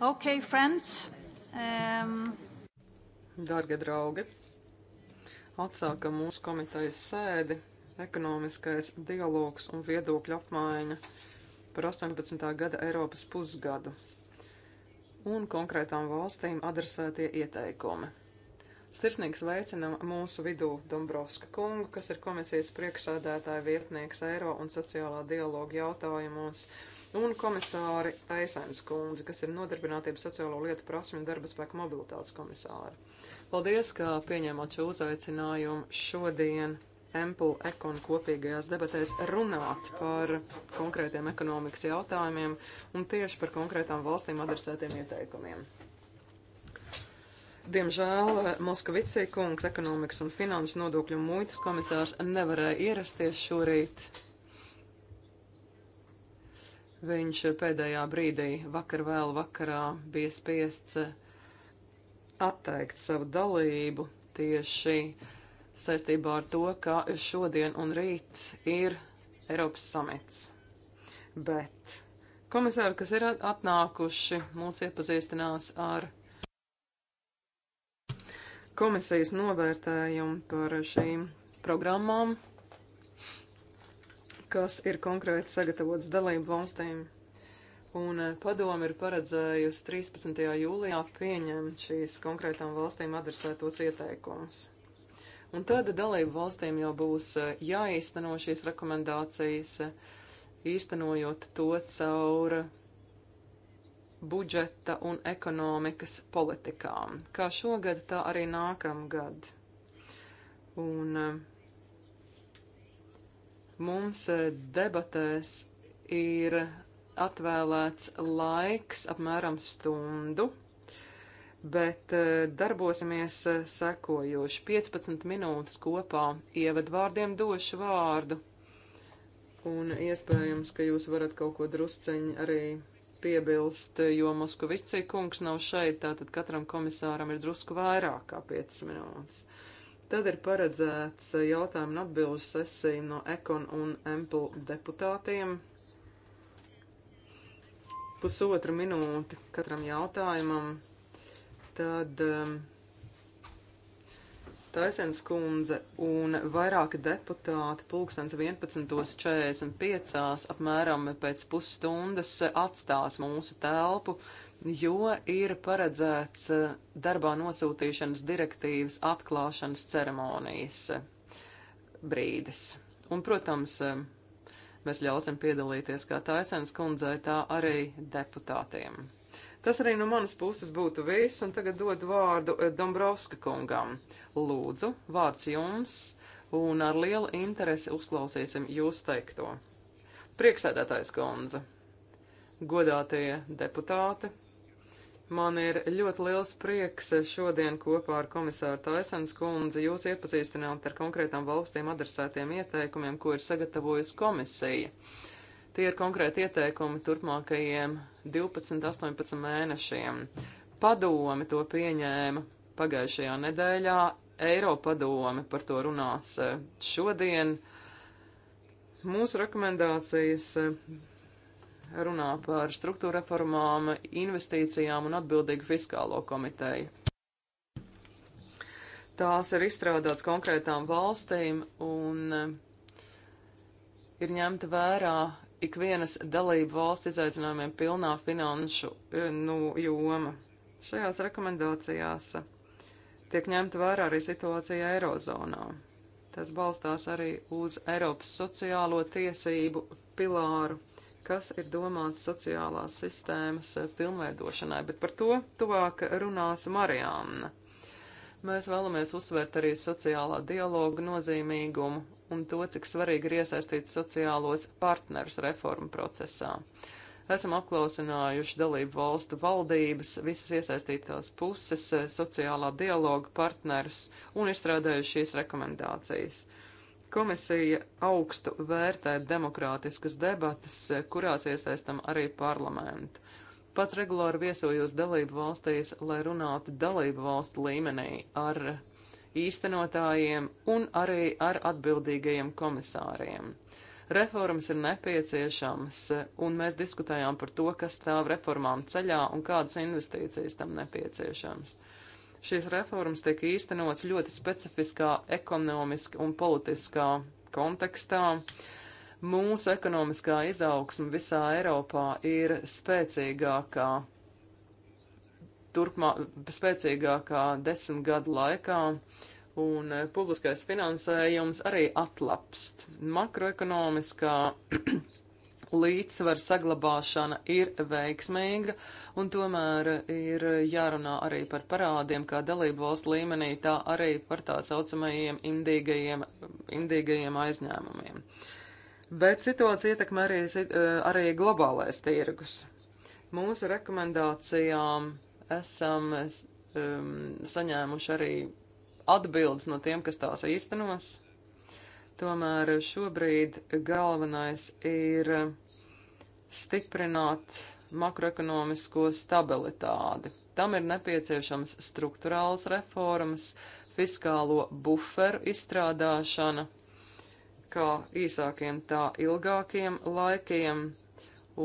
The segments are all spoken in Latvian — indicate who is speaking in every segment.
Speaker 1: Ok, friends. Um...
Speaker 2: Dargie draugi, atsākam mūsu komitejas sēdi - ekonomiskais dialogs un viedokļu apmaiņa par 18. gada Eiropas pusgadu un konkrētām valstīm adresētie ieteikumi. Sirsnīgi sveicinam mūsu vidū Dombrovska kungu, kas ir komisijas priekšsēdētāja vietnieks Eiro un sociālā dialoga jautājumos un komisāri Taisēns kundzi, kas ir nodarbinātības sociālo lietu prasmju un darba spēku mobilitātes komisāri. Paldies, ka pieņēmāt šo uzaicinājumu šodien Ample Ekon kopīgajās debatēs runāt par konkrētiem ekonomikas jautājumiem un tieši par konkrētām valstīm adresētiem ieteikumiem. Diemžēl Moskavicī kungs, ekonomikas un finanšu nodokļu muitas komisārs, nevarēja ierasties šorīt Viņš pēdējā brīdī vakar vēl vakarā bija spiests eh, atteikt savu dalību tieši saistībā ar to, ka šodien un rīt ir Eiropas samits. Bet komisāri, kas ir atnākuši, mūs iepazīstinās ar komisijas novērtējumu par šīm programmām kas ir konkrēti sagatavots dalību valstīm. Un eh, padomi ir paredzējusi 13. jūlijā pieņemt šīs konkrētām valstīm adresētos ieteikumus. Un tad dalību valstīm jau būs eh, jāīsteno šīs rekomendācijas, eh, īstenojot to caur budžeta un ekonomikas politikām, kā šogad, tā arī nākamgad. Un uh, Mums eh, debatēs ir atvēlēts laiks apmēram stundu, bet eh, darbosimies eh, sekojoši 15 minūtes kopā. Ievadvārdiem došu vārdu, un iespējams, ka jūs varat kaut ko drusceņi arī piebilst, jo Moskvici kungs nav šeit, tātad katram komisāram ir drusku vairāk kā 5 minūtes. Tad ir paredzēts jautājumu un atbilžu sesija no Ekon un Empl deputātiem. Pusotra minūte katram jautājumam. Tad um, Taisens kundze un vairāki deputāti pulkstens 11.45 apmēram pēc pusstundas atstās mūsu telpu jo ir paredzēts eh, darbā nosūtīšanas direktīvas atklāšanas ceremonijas eh, brīdis. Un, protams, eh, mēs ļausim piedalīties kā taisens kundzei, tā arī deputātiem. Tas arī no manas puses būtu viss, un tagad dod vārdu Dombrovska kungam. Lūdzu, vārds jums, un ar lielu interesi uzklausīsim jūs teikto. Prieksēdētājs kundze, godātie deputāti, Man ir ļoti liels prieks šodien kopā ar komisāru Taisens kundzi jūs iepazīstināt ar konkrētām valstīm adresētiem ieteikumiem, ko ir sagatavojusi komisija. Tie ir konkrēti ieteikumi turpmākajiem 12-18 mēnešiem. Padomi to pieņēma pagājušajā nedēļā, Eiropadome par to runās eh, šodien. Mūsu rekomendācijas eh, runā par struktūra reformām, investīcijām un atbildīgu fiskālo komiteju. Tās ir izstrādāts konkrētām valstīm un eh, ir ņemta vērā ikvienas dalību valsts izaicinājumiem pilnā finanšu eh, nu, joma. Šajās rekomendācijās tiek ņemta vērā arī situācija Eirozonā. Tas balstās arī uz Eiropas sociālo tiesību pilāru kas ir domāts sociālās sistēmas eh, pilnveidošanai, bet par to tuvāk runās Marijāna. Mēs vēlamies uzsvērt arī sociālā dialoga nozīmīgumu un to, cik svarīgi ir iesaistīt sociālos partnerus reformu procesā. Esam apklausinājuši dalību valstu valdības, visas iesaistītās puses, eh, sociālā dialoga partnerus un izstrādājuši šīs rekomendācijas. Komisija augstu vērtē demokrātiskas debatas, eh, kurās iesaistam arī parlamentu. Pats regulāri viesojos dalību valstīs, lai runātu dalību valstu līmenī ar īstenotājiem un arī ar atbildīgajiem komisāriem. Reformas ir nepieciešamas, un mēs diskutējām par to, kas stāv reformām ceļā un kādas investīcijas tam nepieciešamas. Uh, Šīs reformas tiek īstenots ļoti specifiskā ekonomiskā un politiskā kontekstā. Mūsu ekonomiskā izaugsme visā Eiropā ir spēcīgākā, turpmā, spēcīgākā desmit gadu laikā un publiskais finansējums arī atlapst. Makroekonomiskā līdzsvara saglabāšana ir veiksmīga, un tomēr ir jārunā arī par parādiem, kā dalību valstu līmenī, tā arī par tā saucamajiem indīgajiem, indīgajiem aizņēmumiem. Bet situācija ietekmē arī, eh, arī globālais tirgus. Mūsu rekomendācijām esam um, saņēmuši arī atbildes no tiem, kas tās īstenos. Tomēr šobrīd galvenais ir stiprināt makroekonomisko stabilitāti. Tam ir nepieciešams struktūrāls reformas, fiskālo buferu izstrādāšana, kā īsākiem, tā ilgākiem laikiem,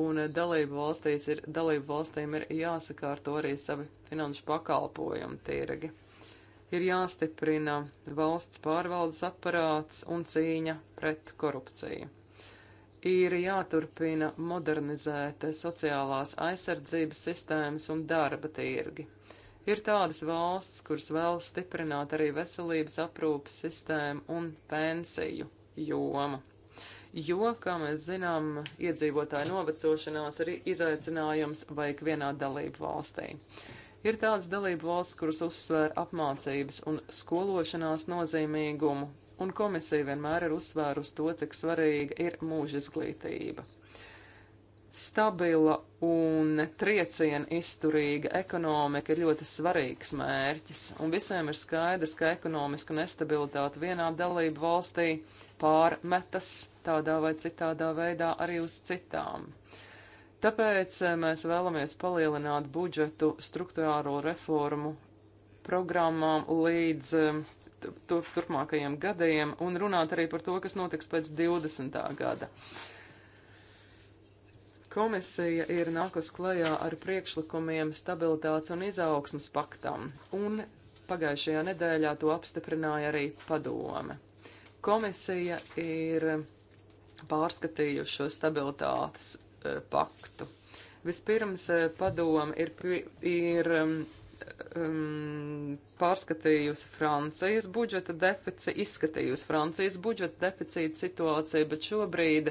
Speaker 2: un dalību, valstīs ir, dalību valstīm ir jāsakārto arī savi finanšu pakalpojumu tirgi ir jāstiprina valsts pārvaldes aparāts un cīņa pret korupciju. Ir jāturpina modernizēt sociālās aizsardzības sistēmas un darba tirgi. Ir tādas valsts, kuras vēlas stiprināt arī veselības aprūpas sistēmu un pensiju jomu. Jo, kā mēs zinām, iedzīvotāju novecošanās ir izaicinājums vai ikvienā dalību valstī. Uh, Ir tādas dalību valsts, kuras uzsvēra apmācības un skološanās nozīmīgumu, un komisija vienmēr ir uzsvērusi to, cik svarīga ir mūža izglītība. Stabila un trieciena izturīga ekonomika ir ļoti svarīgs mērķis, un visiem ir skaidrs, ka ekonomiska nestabilitāte vienā dalību valstī pārmetas tādā vai citādā veidā arī uz citām. Tāpēc eh, mēs vēlamies palielināt budžetu struktūrāro reformu programmām līdz eh, turpmākajiem gadiem un runāt arī par to, kas notiks pēc 20. gada. Komisija ir nākus klajā ar priekšlikumiem stabilitātes un izaugsmas paktam, un pagājušajā nedēļā to apstiprināja arī padome. Komisija ir pārskatījuši šo stabilitātes Eh, paktu. Vispirms eh, padoma ir, ir mm, um, pārskatījusi Francijas budžeta deficītu, izskatījusi Francijas budžeta deficīta situāciju, bet šobrīd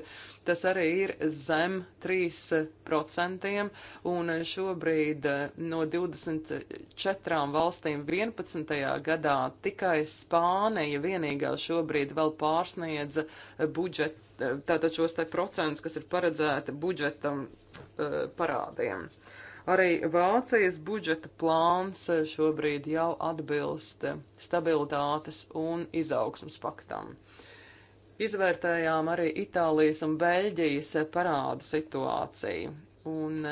Speaker 2: tas arī ir zem 3%, un šobrīd uh, no 24 valstīm 11. gadā tikai Spānija vienīgā šobrīd vēl pārsniedza uh, budžeta, uh, tātad šos te procentus, kas ir paredzēti budžetam parādiem. Uh, Arī Vācijas budžeta plāns eh, šobrīd jau atbilst eh, stabilitātes un izaugsmas paktam. Izvērtējām arī Itālijas un Beļģijas eh, parādu situāciju. Un,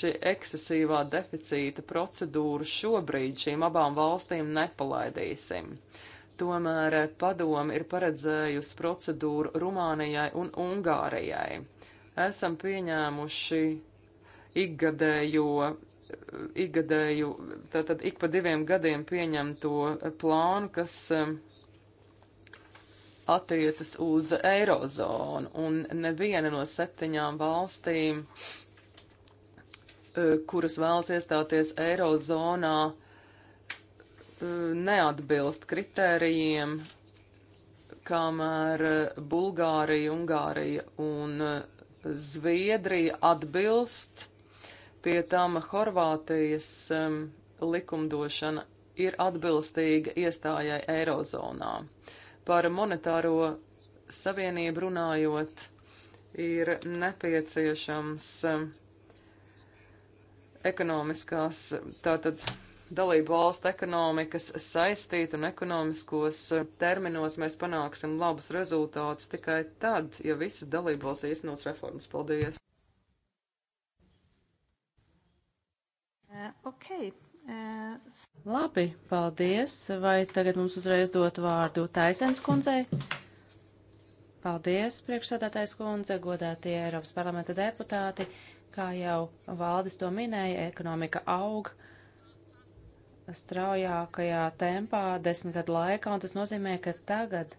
Speaker 2: šī ekscesīvā deficīta procedūra šobrīd šīm abām valstīm nepalaidīsim. Tomēr padomi ir paredzējusi procedūru Rumānijai un Ungārijai. Esam pieņēmuši ikgadējo ikgadēju, tātad ik pa diviem gadiem pieņemto plānu, kas um, attiecas uz eirozonu, un neviena no septiņām valstīm, uh, kuras vēlas iestāties eirozonā, uh, neatbilst kritērijiem, kamēr uh, Bulgārija, Ungārija un Zviedrija atbilst Pie tam Horvātijas um, likumdošana ir atbilstīga iestājai Eirozonā. Par monetāro savienību runājot, ir nepieciešams um, ekonomiskās, tātad dalību valstu ekonomikas saistīt un ekonomiskos terminos mēs panāksim labus rezultātus tikai tad, ja visas dalību valsts īstenos reformas. Paldies!
Speaker 3: Eh, okay. Uh... Eh, Labi, paldies. Vai tagad mums uzreiz dot vārdu Taisens kundzei? Paldies, priekšsādātais kundze, godātie Eiropas parlamenta deputāti. Kā jau valdis to minēja, ekonomika aug straujākajā tempā desmit gadu laikā, un tas nozīmē, ka tagad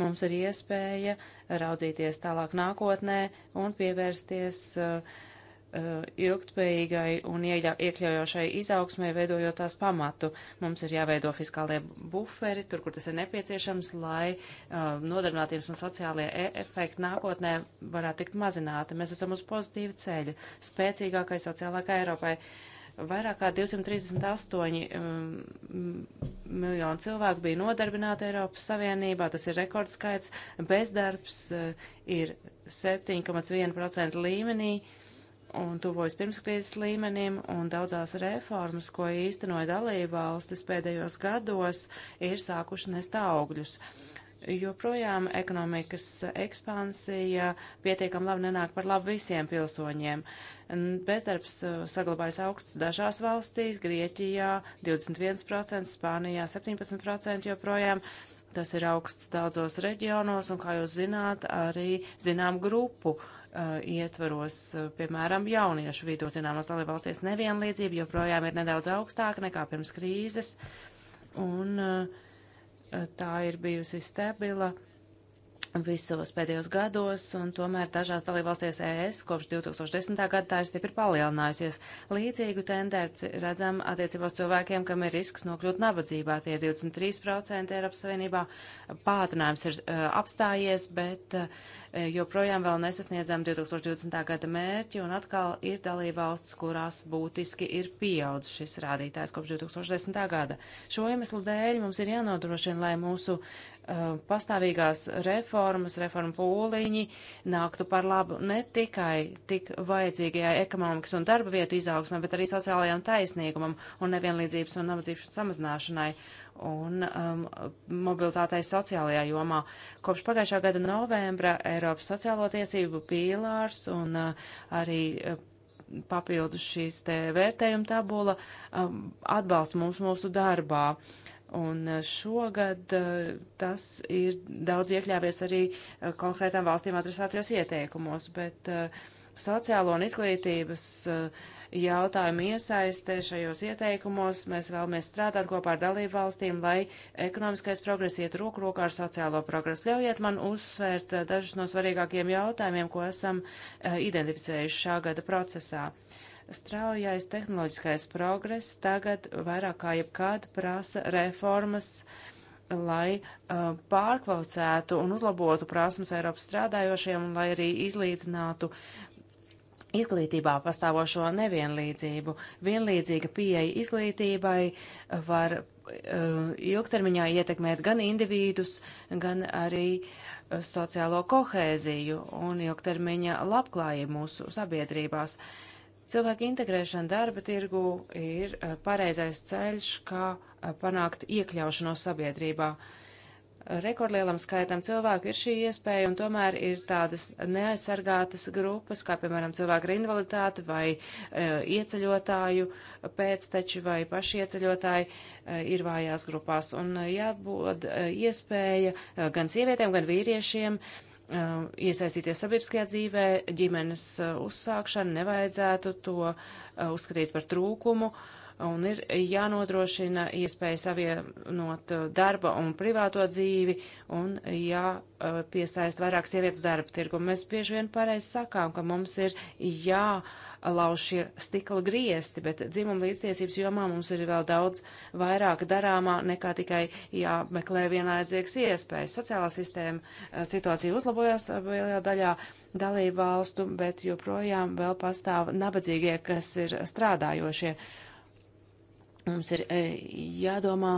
Speaker 3: mums ir iespēja raudzīties tālāk nākotnē un pievērsties uh, Eh, ilgtspējīgai un iekļaujošai izaugsmai, veidojot tās pamatu. Mums ir jāveido fiskālie buferi, tur, kur tas ir nepieciešams, lai uh, nodarbinātības un sociālie e efekti nākotnē varētu tikt mazināti. Mēs esam uz pozitīvu ceļu, spēcīgākai sociālākai Eiropai. Vairāk kā 238 um, mm, miljonu cilvēku bija nodarbināti Eiropas Savienībā, tas ir rekordskaits, bezdarbs uh, ir 7,1% līmenī. Uh, un tuvojas pirmskrīzes līmenim, un daudzās reformas, ko īstenoja dalībvalstis pēdējos gados, ir sākuši nest augļus. Joprojām ekonomikas ekspansija pietiekam labi nenāk par labu visiem pilsoņiem. Bezdarbs uh, saglabājas augsts dažās valstīs, Grieķijā 21%, Spānijā 17% joprojām. Tas ir augsts daudzos reģionos un, kā jūs zināt, arī zinām grupu uh, Uh, ietvaros, uh, piemēram, jauniešu vidū zināmas dalībvalstīs nevienlīdzība joprojām ir nedaudz augstāka nekā pirms krīzes, un uh, tā ir bijusi stabila visos pēdējos gados, un tomēr dažās dalībvalstīs ES kopš 2010. gada tā ir stipri palielinājusies. Līdzīgu tendenci redzam attiecībos cilvēkiem, kam ir risks nokļūt nabadzībā. Tie 23% Eiropas Savienībā pātrinājums ir uh, apstājies, bet uh, joprojām vēl nesasniedzam 2020. gada mērķi, un atkal ir dalībvalsts, kurās būtiski ir pieaudzis šis rādītājs kopš 2010. gada. Šo iemeslu dēļ mums ir jānodrošina, lai mūsu uh, Uh, pastāvīgās reformas, reformu pūliņi nāktu par labu ne tikai tik vajadzīgajai ekonomikas un darba vietu izaugsmai, bet arī sociālajām taisnīgumam un nevienlīdzības un nabadzības samazināšanai un um, mobilitātei sociālajā jomā. Kopš pagājušā gada novembra Eiropas sociālo tiesību pīlārs un uh, arī uh, papildus šīs te vērtējuma tabula um, atbalsta mums mūsu darbā. Uh, Un eh, šogad eh, tas ir daudz iekļāvies arī eh, konkrētām valstīm adresētajos ieteikumos, bet sociālo un izglītības jautājumu iesaistē šajos ieteikumos mēs vēlamies strādāt kopā ar dalību valstīm, lai ekonomiskais progress iet roku rokā ar sociālo progresu. Ļaujiet man uzsvērt dažus no svarīgākiem jautājumiem, ko esam identificējuši šā gada procesā. Uh, Straujais tehnoloģiskais progress tagad vairāk kā jebkad prasa reformas, lai uh, pārkvalificētu un uzlabotu prasmes Eiropas strādājošiem un lai arī izlīdzinātu izglītībā pastāvošo nevienlīdzību. Vienlīdzīga pieeja izglītībai var uh, ilgtermiņā ietekmēt gan individus, gan arī uh, sociālo kohēziju un ilgtermiņa labklājību mūsu sabiedrībās. Uh, Cilvēku integrēšana darba tirgu ir eh, pareizais ceļš, kā eh, panākt iekļaušanos sabiedrībā. Rekordlielam skaitam cilvēku ir šī iespēja, un tomēr ir tādas neaizsargātas grupas, kā piemēram cilvēku ar invaliditāti vai e, ieceļotāju pēcteči vai paši ieceļotāji e, ir vājās grupās. Un jābūt e, iespēja gan sievietēm, gan vīriešiem e, Uh, iesaistīties sabiedriskajā dzīvē, ģimenes uh, uzsākšanu, nevajadzētu to uh, uzskatīt par trūkumu un ir jānodrošina iespēja savienot darba un privāto dzīvi un jāpiesaist vairāk sievietes darba tirgu. Mēs bieži vien pareizi sakām, ka mums ir jā jālauž šie stikla griesti, bet dzimuma līdztiesības jomā mums ir vēl daudz vairāk darāmā nekā tikai jāmeklē vienlaicīgas iespējas. Sociālā sistēma situācija uzlabojās lielajā daļā dalību valstu, bet joprojām vēl pastāv nabadzīgie, kas ir strādājošie. Mums ir jādomā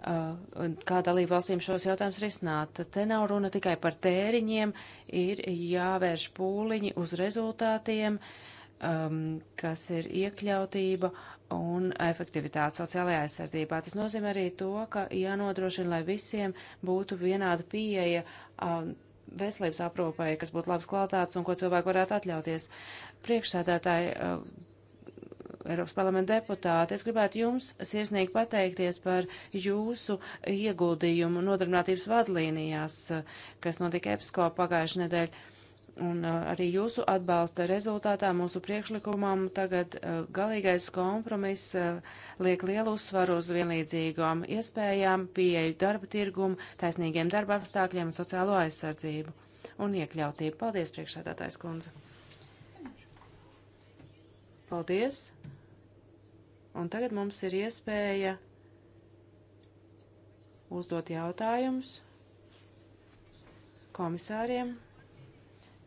Speaker 3: kā dalību valstīm šos jautājumus risināt. Te nav runa tikai par tēriņiem, ir jāvērš pūliņi uz rezultātiem, uh, um, kas ir iekļautība un efektivitāte sociālajā aizsardzībā. Tas nozīmē arī to, ka jānodrošina, lai visiem būtu vienāda pieeja um, veselības aprūpai, kas būtu labas kvalitātes un ko cilvēki varētu atļauties. Priekšsēdētāji, um, Eiropas parlamenta deputāti, es gribētu jums sirsnīgi pateikties par jūsu ieguldījumu nodarbinātības vadlīnijās, uh, kas notika EPSCO pagājušajā nedēļā Un uh, arī jūsu atbalsta rezultātā mūsu priekšlikumam tagad uh, galīgais kompromiss uh, liek lielu uzsvaru uz vienlīdzīgām iespējām, pieeju darba tirgumu, taisnīgiem darba apstākļiem un sociālo aizsardzību un iekļautību. Paldies, priekšsēdētājs kundze. Paldies. Un tagad mums ir iespēja uzdot jautājumus komisāriem.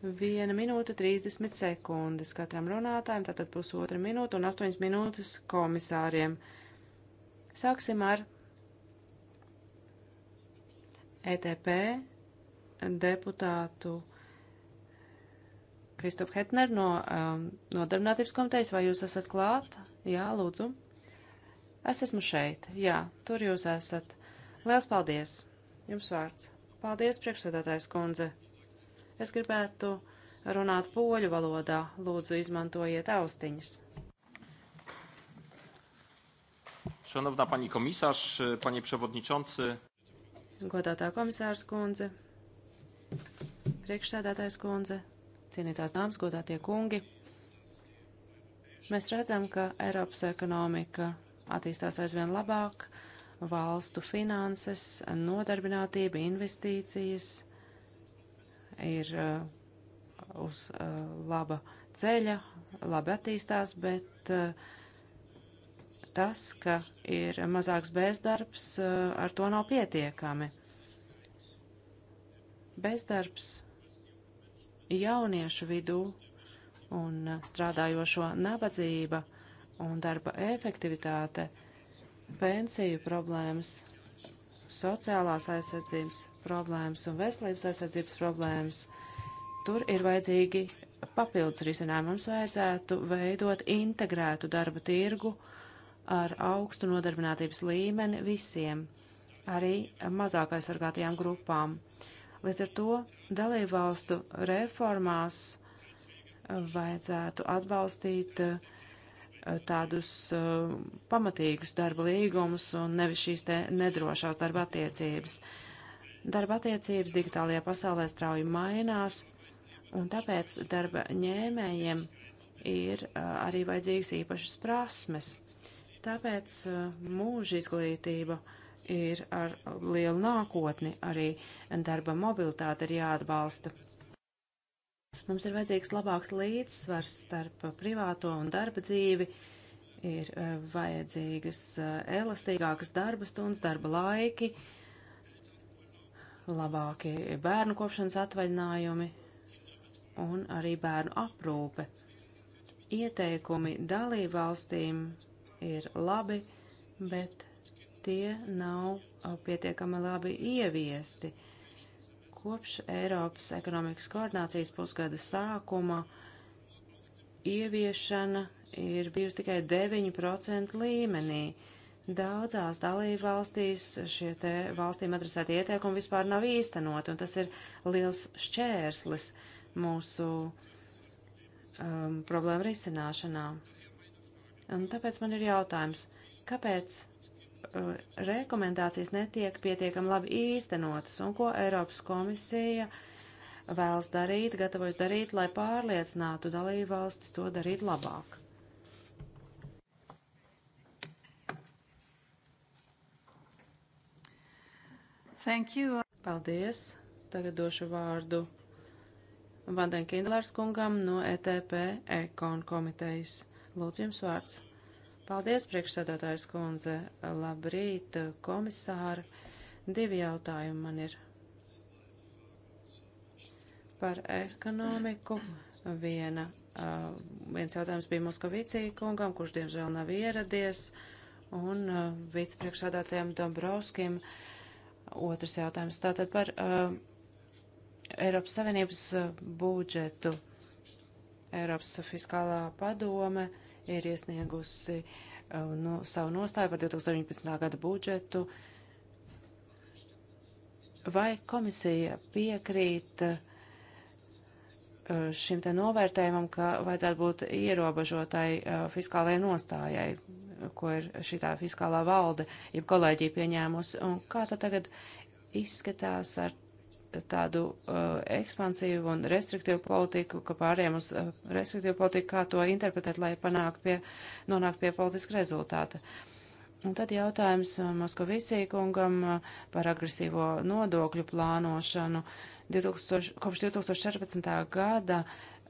Speaker 3: 1 minūte 30 sekundes katram runātājam, tātad pusotra minūte un 8 minūtes komisāriem. Sāksim ar ETP deputātu Kristofu Hetneru no um, Nodarbinātības komitejas. Vai jūs esat klāt? Jā, lūdzu. Es esmu šeit. Jā, tur jūs esat. Liels paldies! Jums vārds. Paldies, priekšsēdētājs kundze! Es gribētu runāt poļu valodā. Lūdzu, izmantojiet austiņas.
Speaker 4: Szanowna pani komisarz, panie przewodniczący.
Speaker 3: Godātā komisārs kundze, priekšsēdētājs kundze, cienītās dāmas, godātie kungi. Mēs redzam, ka Eiropas ekonomika attīstās aizvien labāk, valstu finanses, nodarbinātība, investīcijas ir uh, uz uh, laba ceļa, labi attīstās, bet uh, tas, ka ir mazāks bezdarbs, ar to nav pietiekami. Bezdarbs jauniešu vidū un strādājošo nabadzība un darba efektivitāte, pensiju problēmas sociālās aizsardzības problēmas un veselības aizsardzības problēmas, tur ir vajadzīgi papildus risinājumi. Mums vajadzētu veidot integrētu darba tirgu ar augstu nodarbinātības līmeni visiem, arī mazāk aizsargātajām grupām. Līdz ar to dalībvalstu reformās vajadzētu atbalstīt uh, Eh, tādus uh, pamatīgus darba līgumus un nevis šīs te nedrošās darba attiecības. Darba attiecības digitālajā pasaulē strauji mainās, un tāpēc darba ņēmējiem ir uh, arī vajadzīgas īpašas prasmes. Tāpēc uh, mūža izglītība ir ar lielu nākotni, arī darba mobilitāte ir jāatbalsta. Mums ir vajadzīgs labāks līdzsvars starp privāto un darba dzīvi, ir eh, vajadzīgas eh, elastīgākas darba stundas, darba laiki, labāki bērnu kopšanas atvaļinājumi un arī bērnu aprūpe. Ieteikumi dalībvalstīm ir labi, bet tie nav pietiekami labi ieviesti. Uh, Kopš Eiropas ekonomikas koordinācijas pusgada sākuma ieviešana ir bijusi tikai 9% līmenī. Daudzās dalību valstīs šie te valstīm adresēti ieteikumi vispār nav īstenot, un tas ir liels šķērslis mūsu um, problēmu risināšanā. Un tāpēc man ir jautājums, kāpēc Uh, rekomendācijas netiek pietiekami labi īstenotas un ko Eiropas komisija vēlas darīt, gatavojas darīt, lai pārliecinātu dalību valstis to darīt labāk. Thank you. Paldies. Tagad došu vārdu Vanden Kindlers kungam no ETP Ekon komitejas. Lūdzu jums vārds. Paldies, priekšsēdētājs kundze. Labrīt, komisāri. Divi jautājumi man ir par ekonomiku. Viena, uh, viens jautājums bija Moskavīcī kungam, kurš diemžēl nav ieradies, un uh, vicepriekšsādātājiem Dombrovskim. Otrs jautājums tātad par uh, Eiropas Savienības budžetu. Eiropas fiskālā padome uh, ir iesniegusi uh, no, nu, savu nostāju par 2019. gada budžetu. Vai komisija piekrīt uh, šim te novērtējumam, ka vajadzētu būt ierobežotai uh, fiskālajai nostājai, ko ir šitā fiskālā valde, jeb kolēģija pieņēmusi? Un kā tad tagad izskatās ar tādu uh, ekspansīvu un restriktīvu politiku, ka pāriem uz uh, restriktīvu politiku, kā to interpretēt, lai panākt pie, nonākt pie politiska rezultāta. Un tad jautājums uh, Moskovicī kungam uh, par agresīvo nodokļu plānošanu. 2000, kopš 2014. gada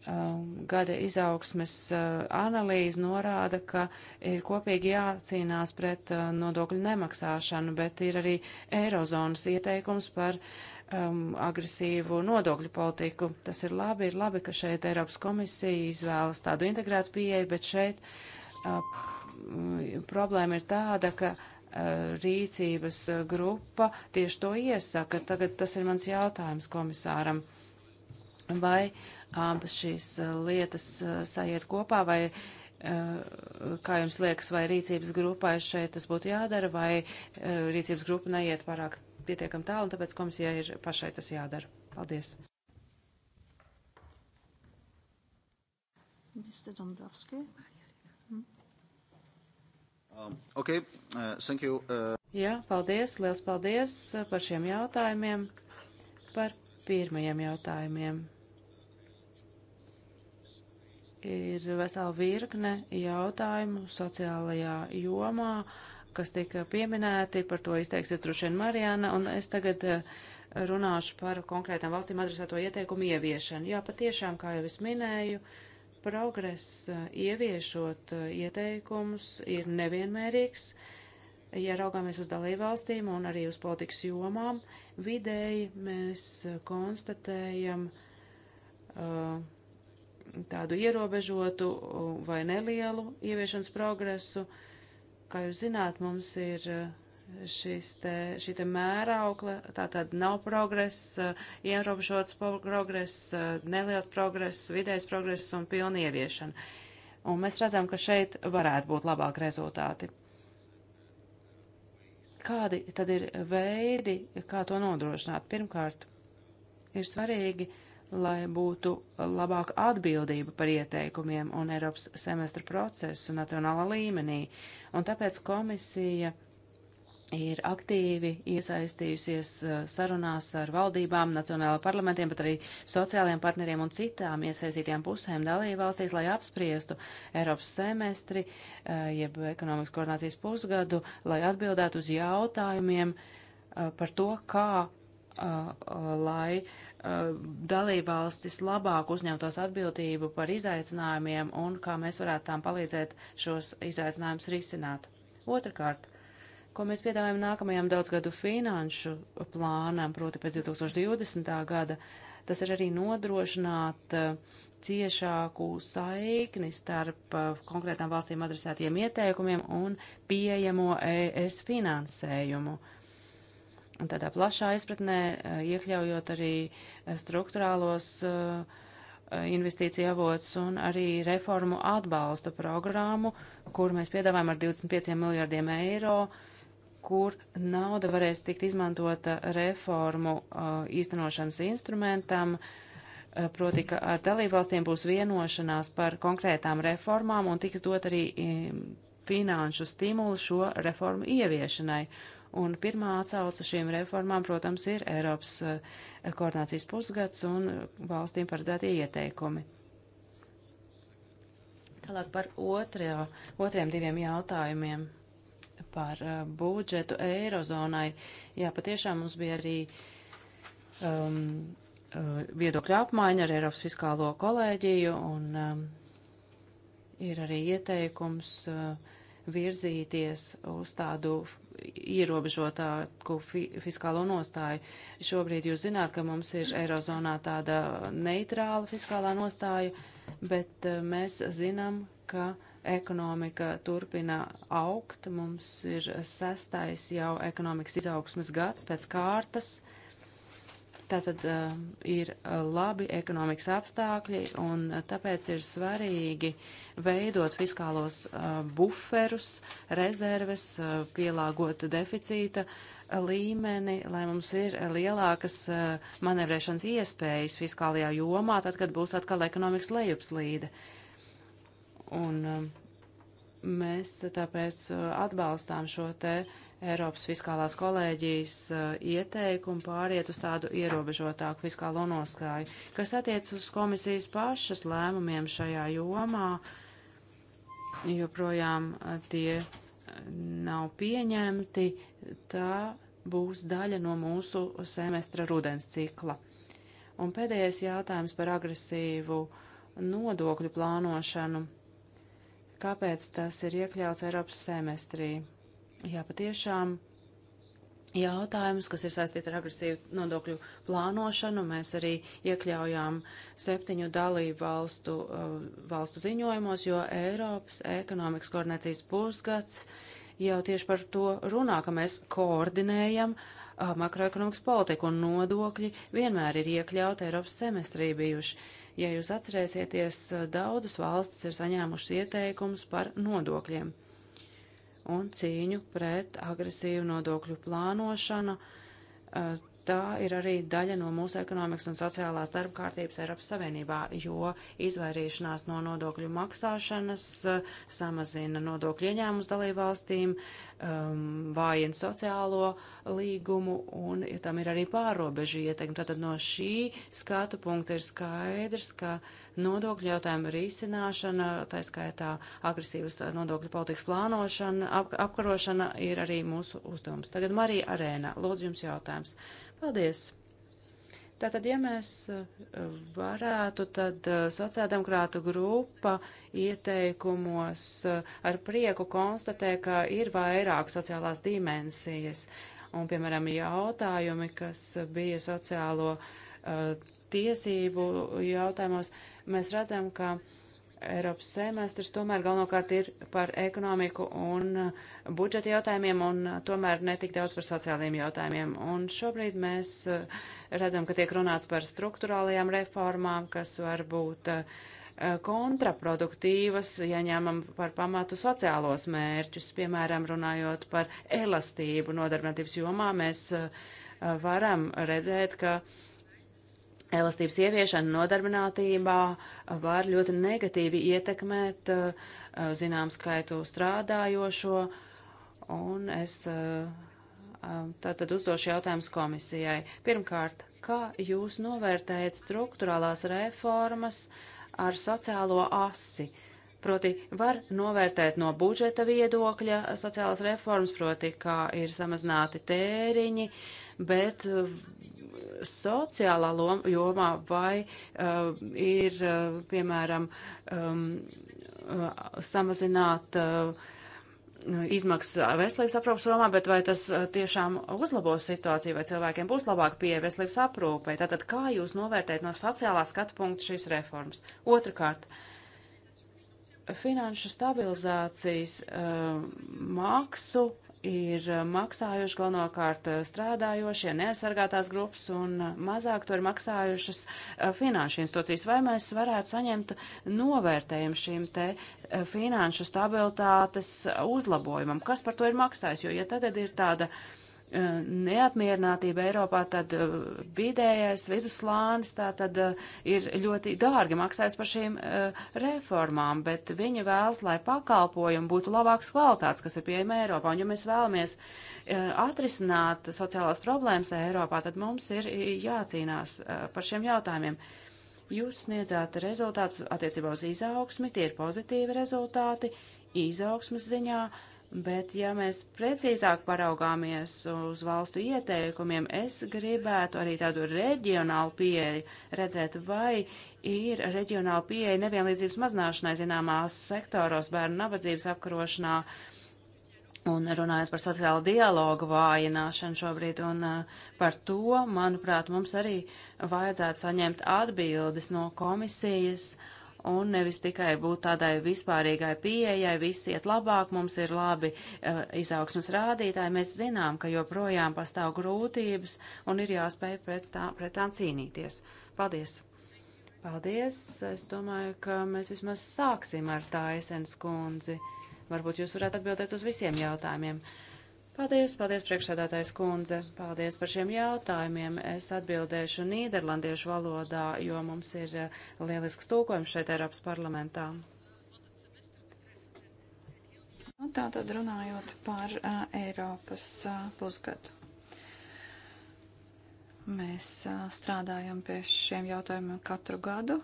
Speaker 3: um, gada izaugsmes uh, analīze norāda, ka ir kopīgi jācīnās pret uh, nodokļu nemaksāšanu, bet ir arī Eirozonas ieteikums par uh, um, agresīvu nodokļu politiku. Tas ir labi, ir labi, ka šeit Eiropas komisija izvēlas tādu integrētu pieeju, bet šeit uh, problēma ir tāda, ka uh, rīcības grupa tieši to iesaka. Tagad tas ir mans jautājums komisāram. Vai abas šīs uh, lietas uh, sajiet kopā, vai uh, kā jums liekas, vai rīcības grupai šeit tas būtu jādara, vai uh, rīcības grupa neiet pārāk pietiekam tālu, un tāpēc komisijai ir pašai tas jādara. Paldies!
Speaker 5: Mr. Dombrovski. Hm?
Speaker 4: Um, okay, uh, thank you. Uh...
Speaker 3: Jā, paldies, liels paldies uh, par šiem jautājumiem, par pirmajiem jautājumiem. Ir vesela virkne jautājumu sociālajā jomā. Uh, kas tika pieminēti, par to izteiksies droši vien Marijāna, un es tagad eh, runāšu par konkrētām valstīm adresēto ieteikumu ieviešanu. Jā, patiešām, kā jau es minēju, progress eh, ieviešot eh, ieteikumus ir nevienmērīgs. Ja raugāmies uz dalībvalstīm un arī uz politikas jomām, vidēji mēs konstatējam uh, tādu ierobežotu vai nelielu ieviešanas progresu, uh, Kā jūs zināt, mums ir eh, šis te, šī te mēraukla, tā tad nav progress, eh, ierobežots progress, eh, neliels progress, vidējs progress un pilna ieviešana. Un mēs redzam, ka šeit varētu būt labāki rezultāti. Kādi tad ir veidi, kā to nodrošināt? Pirmkārt, ir svarīgi uh, lai būtu labāka atbildība par ieteikumiem un Eiropas semestra procesu nacionālā līmenī. Un tāpēc komisija ir aktīvi iesaistījusies uh, sarunās ar valdībām, nacionālajiem parlamentiem, bet arī sociālajiem partneriem un citām iesaistītajām pusēm dalībvalstīs, lai apspriestu Eiropas semestri, uh, jeb ekonomikas koordinācijas pusgadu, lai atbildētu uz jautājumiem uh, par to, kā lai Eh, dalībvalstis labāk uzņemtos atbildību par izaicinājumiem un kā mēs varētu tām palīdzēt šos izaicinājumus risināt. Otrakārt, ko mēs piedāvājam nākamajam daudzgadu finanšu plānam, proti pēc 2020. gada, tas ir arī nodrošināt eh, ciešāku saikni starp eh, konkrētām valstīm adresētiem ieteikumiem un pieejamo ES finansējumu. Uh, Un tādā plašā izpratnē, eh, iekļaujot arī eh, struktūrālos eh, investīciju avots un arī reformu atbalsta programmu, kur mēs piedāvājam ar 25 miljardiem eiro, kur nauda varēs tikt izmantota reformu īstenošanas instrumentam, proti, ka ar dalībvalstiem būs vienošanās par konkrētām reformām un tiks dot arī finanšu stimulu šo reformu ieviešanai. Uh, Un pirmā atsauca šīm reformām, protams, ir Eiropas eh, koordinācijas pusgads un eh, valstīm paredzētie ieteikumi. Tālāk par otrajā, otriem diviem jautājumiem par eh, budžetu Eirozonai. Jā, patiešām mums bija arī um, viedokļu apmaiņa ar Eiropas fiskālo kolēģiju un um, ir arī ieteikums uh, virzīties uz tādu ierobežotāku fi fiskālo nostāju. Šobrīd jūs zināt, ka mums ir Eirozonā tāda neitrāla fiskālā nostāja, bet eh, mēs zinām, ka ekonomika turpina augt. Mums ir sestais jau ekonomikas izaugsmas gads pēc kārtas. Uh, Tātad uh, ir eh, labi ekonomikas apstākļi, un eh, tāpēc ir svarīgi veidot fiskālos uh, buferus, rezerves, uh, pielāgot deficīta līmeni, lai mums ir lielākas uh, manevrēšanas iespējas fiskālajā jomā, tad, kad būs atkal ekonomikas lejupslīde. Un uh, mēs tāpēc uh, atbalstām šo te uh, Eiropas fiskālās kolēģijas eh, ieteikumu pāriet uz tādu ierobežotāku fiskālo noskāju, kas attiec uz komisijas pašas lēmumiem šajā jomā, joprojām eh, tie eh, nav pieņemti, tā būs daļa no mūsu semestra rudens cikla. Un pēdējais jautājums par agresīvu nodokļu plānošanu. Kāpēc tas ir iekļauts Eiropas semestrī? Jā, patiešām jautājumus, kas ir saistīti ar agresīvu nodokļu plānošanu. Mēs arī iekļaujām septiņu dalību valstu, uh, valstu ziņojumos, jo Eiropas ekonomikas koordinācijas pusgads jau tieši par to runā, ka mēs koordinējam uh, makroekonomikas politiku un nodokļi vienmēr ir iekļauti Eiropas semestrī bijuši. Ja jūs atcerēsieties, uh, daudzas valstis ir saņēmušas ieteikumus par nodokļiem un cīņu pret agresīvu nodokļu plānošanu. Eh, tā ir arī daļa no mūsu ekonomikas un sociālās darba kārtības Eiropas Savienībā, jo izvairīšanās no nodokļu maksāšanas eh, samazina nodokļu ieņēmumus dalībvalstīm, uh, um, vājina sociālo līgumu un ja tam ir arī pārobežu ieteikumi. Tātad no šī skatu punkta ir skaidrs, ka nodokļu jautājumu risināšana, tā skaitā agresīvas nodokļu politikas plānošana, ap, apkarošana ir arī mūsu uzdevums. Tagad Marija Arēna, lūdzu jums jautājums. Paldies! Tātad, ja mēs eh, varētu, tad eh, sociāldemokrātu grupa ieteikumos eh, ar prieku konstatē, ka ir vairāk sociālās dimensijas. Un, piemēram, jautājumi, kas bija sociālo uh, tiesību jautājumos, mēs redzam, ka uh, Eiropas semestrs tomēr galvenokārt ir par ekonomiku un uh, budžeta jautājumiem un uh, tomēr netik daudz par sociālajiem jautājumiem. Un šobrīd mēs uh, redzam, ka tiek runāts par struktūrālajām reformām, kas var būt kontraproduktīvas, ja ņemam par pamatu sociālos mērķus, piemēram, runājot par elastību nodarbinātības jomā, mēs varam redzēt, ka uh, elastības ieviešana nodarbinātībā var ļoti negatīvi ietekmēt uh, zinām skaitu strādājošo, un es tātad uh, um, uzdošu jautājumus komisijai. Pirmkārt, kā jūs novērtējat struktūrālās reformas ar sociālo asi? Proti, var novērtēt no budžeta viedokļa sociālās reformas, proti, kā ir samazināti tēriņi, bet sociālā loma, jomā vai uh, ir, uh, piemēram, um, uh, samazināt uh, izmaksas veselības aprūpas jomā, bet vai tas uh, tiešām uzlabos situāciju, vai cilvēkiem būs labāka pieeja veselības aprūpei? Tātad, kā jūs novērtējat no sociālā skatu punkta šīs reformas? Otrakārt, finanšu stabilizācijas uh, maksu ir eh, maksājuši galvenokārt eh, strādājošie, neaizsargātās grupas un eh, mazāk to ir maksājušas finanšu institūcijas. Vai mēs varētu saņemt novērtējumu šīm te finanšu stabilitātes uzlabojumam? Kas par to ir maksājis? Jo, ja tagad ir tāda uh, neapmierinātība Eiropā, tad uh, vidējais viduslānis tā tad uh, ir ļoti dārgi maksājis par šīm uh, reformām, bet viņi vēlas, lai pakalpojumi būtu labāks kvalitāts, kas ir pieejama Eiropā. Un ja mēs vēlamies atrisināt sociālās problēmas Eiropā, tad mums ir jācīnās par šiem jautājumiem. Jūs sniedzāt rezultātus attiecībā uz izaugsmi, tie ir pozitīvi rezultāti izaugsmas ziņā. Uh, Bet, ja mēs precīzāk paraugāmies uz valstu ieteikumiem, es gribētu arī tādu reģionālu pieeju redzēt, vai ir reģionāla pieeja nevienlīdzības mazināšanai zināmās sektoros, bērnu nabadzības apkarošanā un runājot par sociālo dialogu vājināšanu šobrīd. Un uh, par to, manuprāt, mums arī vajadzētu saņemt atbildes no komisijas. Uh, un nevis tikai būt tādai vispārīgai pieejai, viss iet labāk, mums ir labi uh, izaugsmas rādītāji, mēs zinām, ka joprojām pastāv grūtības un ir jāspēj pret, tā, pret tām cīnīties. Paldies! Paldies! Es domāju, ka mēs vismaz sāksim ar tā esens kundzi. Varbūt jūs varētu atbildēt uz visiem jautājumiem. Uh, Paldies, paldies, priekšsēdātājs kundze. Paldies par šiem jautājumiem. Es atbildēšu nīderlandiešu valodā, jo mums ir eh, lielisks tūkojums šeit Eiropas parlamentā. Un
Speaker 1: nu, tā tad runājot par uh, Eiropas uh, pusgadu. Mēs uh, strādājam pie šiem jautājumiem katru gadu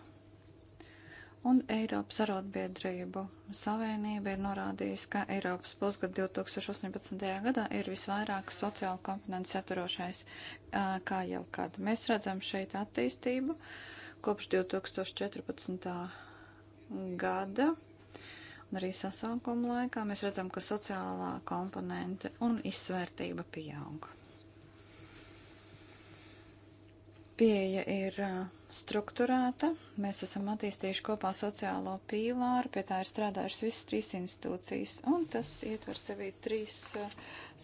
Speaker 1: un Eiropas arotbiedrību savienība ir norādījusi, ka Eiropas pusgad 2018. gadā ir visvairāk sociāla komponenta saturošais, kā jau kad. Mēs redzam šeit attīstību kopš 2014. gada. Un arī sasaukuma laikā mēs redzam, ka sociālā komponente un izsvērtība pieauga. Pieeja ir strukturēta. Mēs esam attīstījuši kopā sociālo pīlāru, pie tā ir strādājušas visas trīs institūcijas, un tas ietver sevī trīs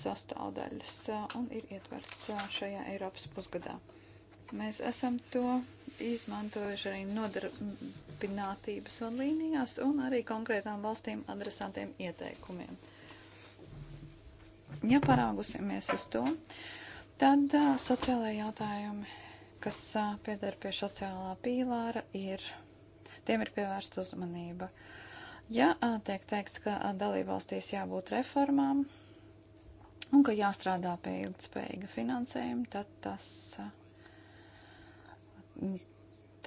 Speaker 1: sastāvdaļas un ir ietverts šajā Eiropas pusgadā. Mēs esam to izmantojuši arī nodarbinātības vadlīnijās un arī konkrētām valstīm adresātiem ieteikumiem. Ja parāgusimies uz to, tad uh, sociālajie jautājumi kas piedara pie sociālā pīlāra, ir, tiem ir pievērsta uzmanība. Ja tiek teikts, ka dalībvalstīs jābūt reformām un ka jāstrādā pie ilgspējīga finansējuma, tad tas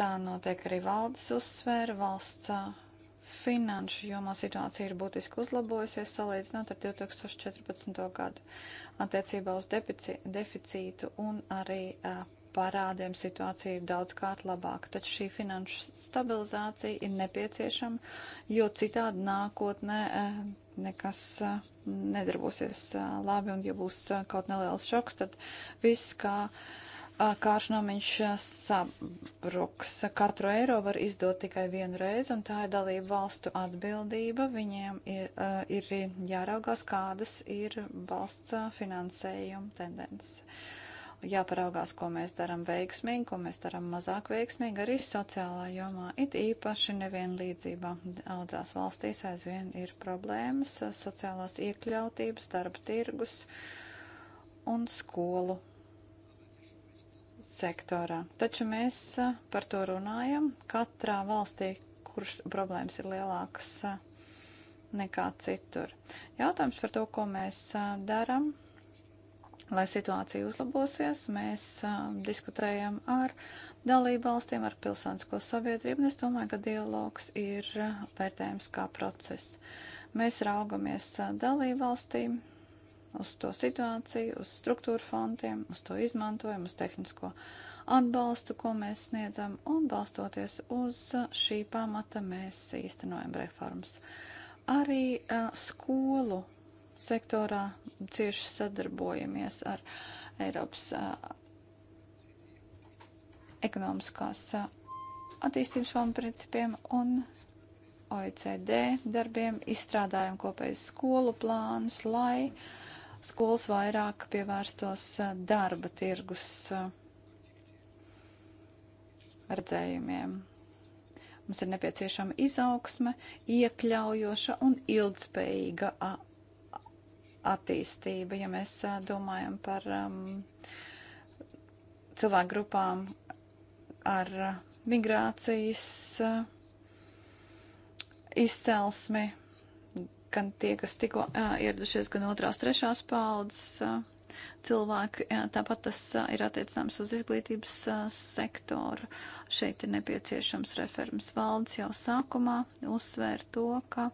Speaker 1: tā notiek arī valdes uzsvēra, valsts finanšu jomā situācija ir būtiski uzlabojusies salīdzinot ar 2014. gadu attiecībā uz deficītu un arī parādiem situācija ir daudzkārt labāka. Taču šī finanšu stabilizācija ir nepieciešama, jo citādi nākotnē eh, nekas eh, nedarbosies eh, labi, un ja būs kaut neliels šoks, tad viss kā kāršnomiņš sabruks. Katru eiro var izdot tikai vienu reizi, un tā ir dalība valstu atbildība. Viņiem ir, ir jāraugās, kādas ir valsts finansējuma tendences jāparaugās, ko mēs darām veiksmīgi, ko mēs darām mazāk veiksmīgi, arī sociālā jomā. It īpaši nevienlīdzībā daudzās valstīs aizvien ir problēmas sociālās iekļautības, darba tirgus un skolu sektorā. Taču mēs par to runājam katrā valstī, kurš problēmas ir lielākas nekā citur. Jautājums par to, ko mēs darām Lai situācija uzlabosies, mēs um, diskutējam ar dalību valstīm, ar pilsonisko sabiedrību, un es domāju, ka dialogs ir vērtējams kā process. Mēs raugamies dalību valstīm, uz to situāciju, uz struktūru fondiem, uz to izmantojumu, uz tehnisko atbalstu, ko mēs sniedzam, un balstoties uz šī pamata mēs īstenojam reformas. Arī uh, skolu sektorā cieši sadarbojamies ar Eiropas a, ekonomiskās a, attīstības fonda principiem un OECD darbiem, izstrādājam kopējas skolu plānus, lai skolas vairāk pievērstos a, darba tirgus redzējumiem. Mums ir nepieciešama izaugsme, iekļaujoša un ilgspējīga attīstība, ja mēs domājam par um, cilvēku grupām ar migrācijas izcelsmi, gan tie, kas tikko ieradušies, gan otrās, trešās paudzes cilvēki. Jā, tāpat tas ir attiecināms uz izglītības sektoru. Šeit ir nepieciešams reformas valdes jau sākumā uzsvērt to, ka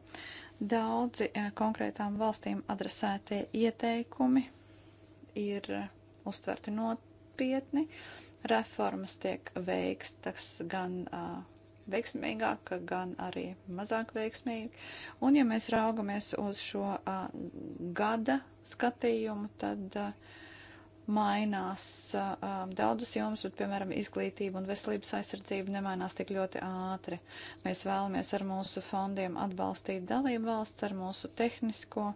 Speaker 1: Daudzi eh, konkrētām valstīm adresētie ieteikumi ir eh, uztverti nopietni. Reformas tiek veiktas gan uh, veiksmīgāk, gan arī mazāk veiksmīgi. Un, ja mēs raugamies uz šo uh, gada skatījumu, tad uh, mainās um, daudzas jomas, bet, piemēram, izglītība un veselības aizsardzība nemainās tik ļoti ātri. Mēs vēlamies ar mūsu fondiem atbalstīt dalību valsts, ar mūsu tehnisko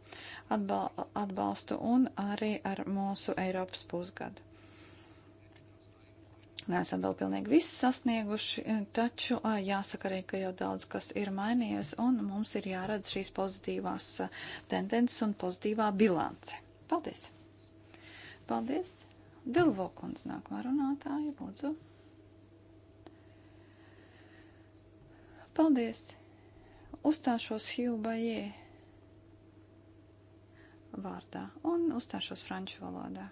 Speaker 1: atbal atbalstu un arī ar mūsu Eiropas pusgadu. Nesam vēl pilnīgi visu sasnieguši, e, taču jāsaka arī, ka jau daudz kas ir mainījies, un mums ir jāredz šīs pozitīvās tendences un pozitīvā bilance. Paldies! Paldies. Dilvo kundze nākamā runātāja, lūdzu. Paldies. Uzstāšos Hjūbajē vārdā un uzstāšos franču valodā.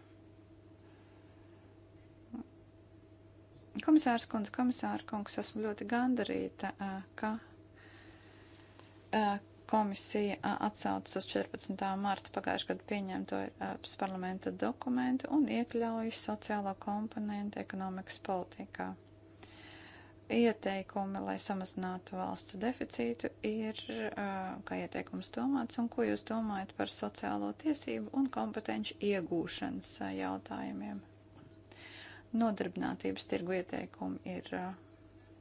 Speaker 1: Komisārs kundze, komisāra kungs, esmu ļoti gandarīta, eh, ka eh, komisija atsaucas uz 14. marta pagājušajā gadu pieņemto Eiropas parlamenta dokumentu un iekļauj sociālo komponentu ekonomikas politikā. Ieteikumi, lai samazinātu valsts deficītu, ir kā ieteikums domāts, un ko jūs domājat par sociālo tiesību un kompetenci iegūšanas jautājumiem? Nodarbinātības tirgu ieteikumi ir uh,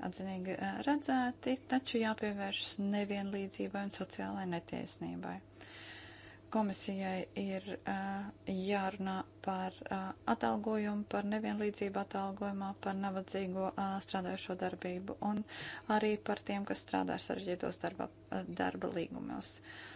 Speaker 1: atzinīgi redzēti, taču jāpievēršas nevienlīdzībai un sociālai netiesnībai. Komisijai ir uh, jārunā par uh, atalgojumu, par nevienlīdzību atalgojumā, par nabadzīgo uh, strādājušo darbību un arī par tiem, kas strādā sarežģītos darba, darba līgumos. Uh,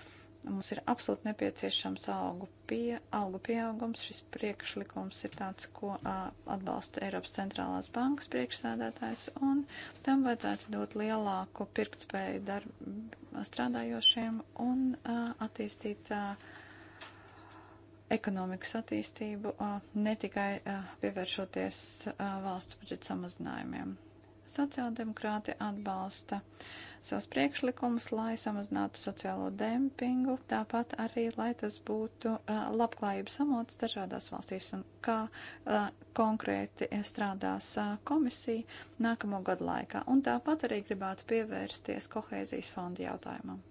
Speaker 1: Mums ir absolūti nepieciešams algu, pie, algu pieaugums. Šis priekšlikums ir tāds, ko a, atbalsta Eiropas centrālās bankas priekšsēdētājs, un tam vajadzētu dot lielāku pirktspēju darba strādājošiem un a, attīstīt a, ekonomikas attīstību, a, ne tikai a, pievēršoties a, valstu budžeta samazinājumiem. Sociāldemokrāti atbalsta savus priekšlikumus, lai samazinātu sociālo dempingu, tāpat arī, lai tas būtu labklājības samots dažādās valstīs un kā konkrēti strādās komisija nākamo gadu laikā. Un tāpat arī gribētu pievērsties kohēzijas fonda jautājumam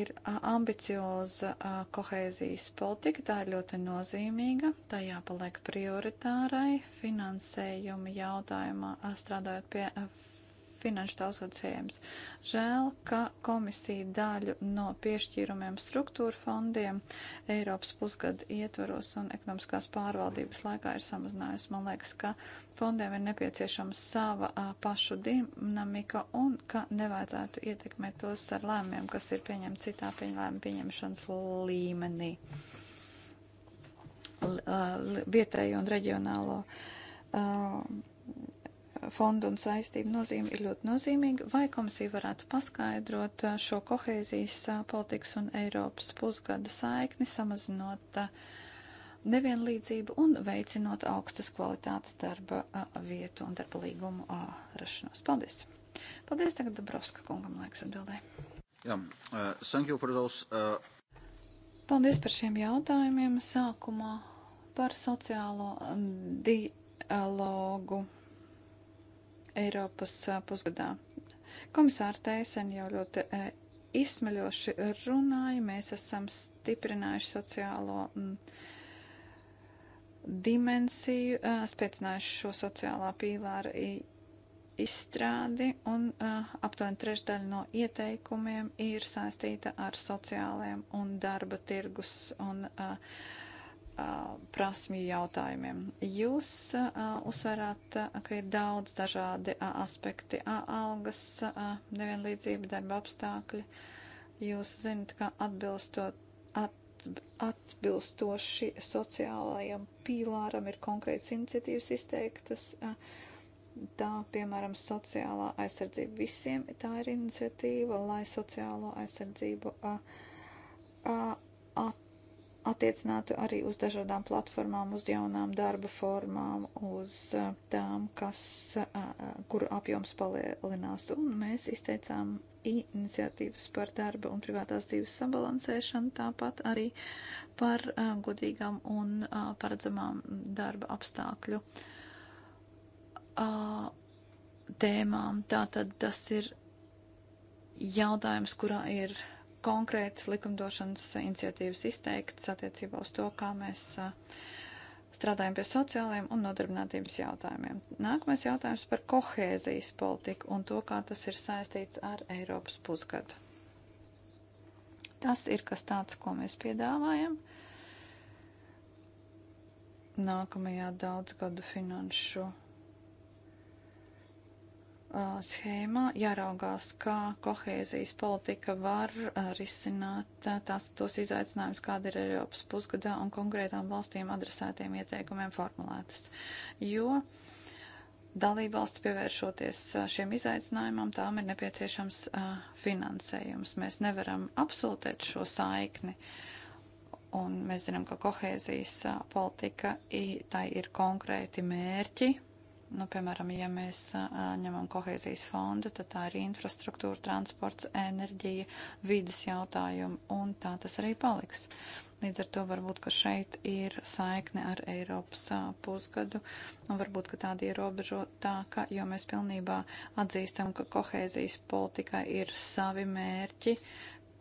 Speaker 1: ir ambicioza kohēzijas politika, tā ir ļoti nozīmīga, tā jāpaliek prioritārai finansējuma jautājumā, strādājot pie finanšu daudzgadsējums. Žēl, ka komisija daļu no piešķīrumiem struktūra fondiem Eiropas pusgada ietvaros un ekonomiskās pārvaldības laikā ir samazinājusi. Man liekas, ka fondiem ir nepieciešama sava a, pašu dinamika un ka nevajadzētu ietekmēt tos ar lēmumiem, kas ir pieņemti citā pieņēmuma pieņemšanas līmenī. L, a, vietējo un reģionālo uh, fondu un saistību nozīme ir ļoti nozīmīga. Vai komisija varētu paskaidrot uh, šo kohēzijas uh, politikas un Eiropas pusgada saikni, samazinot uh, nevienlīdzību un veicinot augstas kvalitātes darba vietu un darba līgumu rašanos? Paldies! Paldies tagad Dabrovska kungam laiks atbildē.
Speaker 4: Jā, yeah. uh, those, uh...
Speaker 1: Paldies par šiem jautājumiem. Sākumā par sociālo dialogu Eiropas pusgadā. Komisāra Teisen jau ļoti izsmeļoši runāja, mēs esam stiprinājuši sociālo dimensiju, spēcinājuši šo sociālā pīlāra izstrādi un uh, aptuveni trešdaļa no ieteikumiem ir saistīta ar sociālajiem un darba tirgus un uh, prasmju jautājumiem. Jūs uzsverāt, ka ir daudz dažādi aspekti - algas, nevienlīdzība, darba apstākļi. Jūs zinat, ka atbilstot, at, atbilstoši sociālajam pīlāram ir konkrēts iniciatīvas izteiktas. Tā, piemēram, sociālā aizsardzība visiem, tā ir iniciatīva, lai sociālo aizsardzību a, a, at, attiecinātu arī uz dažādām platformām, uz jaunām darba formām, uz eh, tām, kas, eh, eh, kuru apjoms palielinās. Un mēs izteicām iniciatīvas par darba un privātās dzīves sabalansēšanu, tāpat arī par godīgām un paredzamām darba apstākļu tēmām. Tātad tas ir jautājums, kurā ir konkrētas likumdošanas iniciatīvas izteiktas attiecībā uz to, kā mēs strādājam pie sociālajiem un nodarbinātības jautājumiem. Nākamais jautājums par kohēzijas politiku un to, kā tas ir saistīts ar Eiropas pusgadu. Tas ir kas tāds, ko mēs piedāvājam nākamajā daudzgadu finanšu schēmā jāraugās, kā kohēzijas politika var risināt tās, tos izaicinājumus, kāda ir Eiropas pusgadā un konkrētām valstīm adresētiem ieteikumiem formulētas. Jo dalībvalsts pievēršoties šiem izaicinājumam, tām ir nepieciešams finansējums. Mēs nevaram absolutēt šo saikni. Un mēs zinām, ka kohēzijas politika, tai ir konkrēti mērķi, Nu, piemēram, ja mēs ņemam kohēzijas fondu, tad tā ir infrastruktūra, transports, enerģija, vidas jautājumi, un tā tas arī paliks. Līdz ar to varbūt, ka šeit ir saikne ar Eiropas pusgadu, un varbūt, ka tāda ierobežotāka, jo mēs pilnībā atzīstam, ka kohēzijas politikai ir savi mērķi,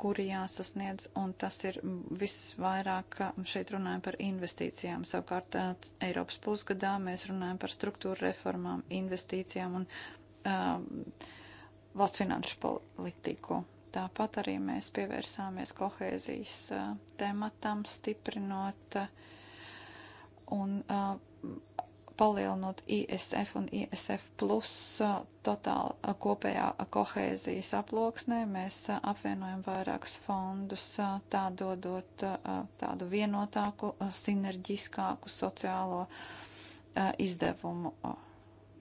Speaker 1: kuri jāsasniedz, un tas ir visvairāk, šeit runājam par investīcijām. Savukārt Eiropas pusgadā mēs runājam par struktūra reformām, investīcijām un um, valsts finanšu politiku. Tāpat arī mēs pievērsāmies kohēzijas uh, tematam, stiprinot uh, un uh, palielinot ISF un ISF plus totāla kopējā kohēzijas aploksnē, mēs apvienojam vairākus fondus, tā dodot tādu vienotāku, sinerģiskāku sociālo izdevumu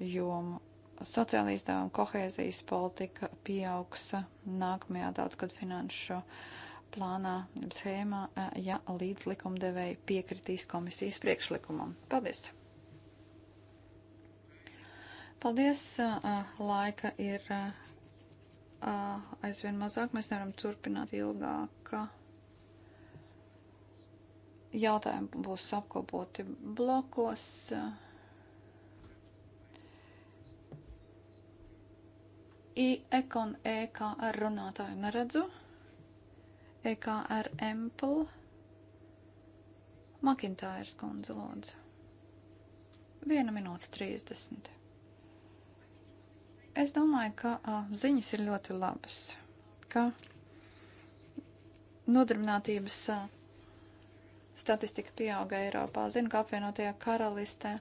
Speaker 1: jomu. Sociāla izdevuma kohēzijas politika pieaugs nākamajā daudzgad finanšu plānā, schēmā, ja līdz likumdevēji piekritīs komisijas priekšlikumam. Paldies! Paldies, laika ir aizvien mazāk, mēs nevaram turpināt ilgāk. Jautājumi būs apkopoti blokos. I ekon EKR runātāju neredzu. EKR Empel. Makintājas kundze lūdzu. 1 minūte 30. Es domāju, ka a, ziņas ir ļoti labas, ka nodarbinātības a, statistika pieauga Eiropā. Zinu, ka apvienotajā karalistē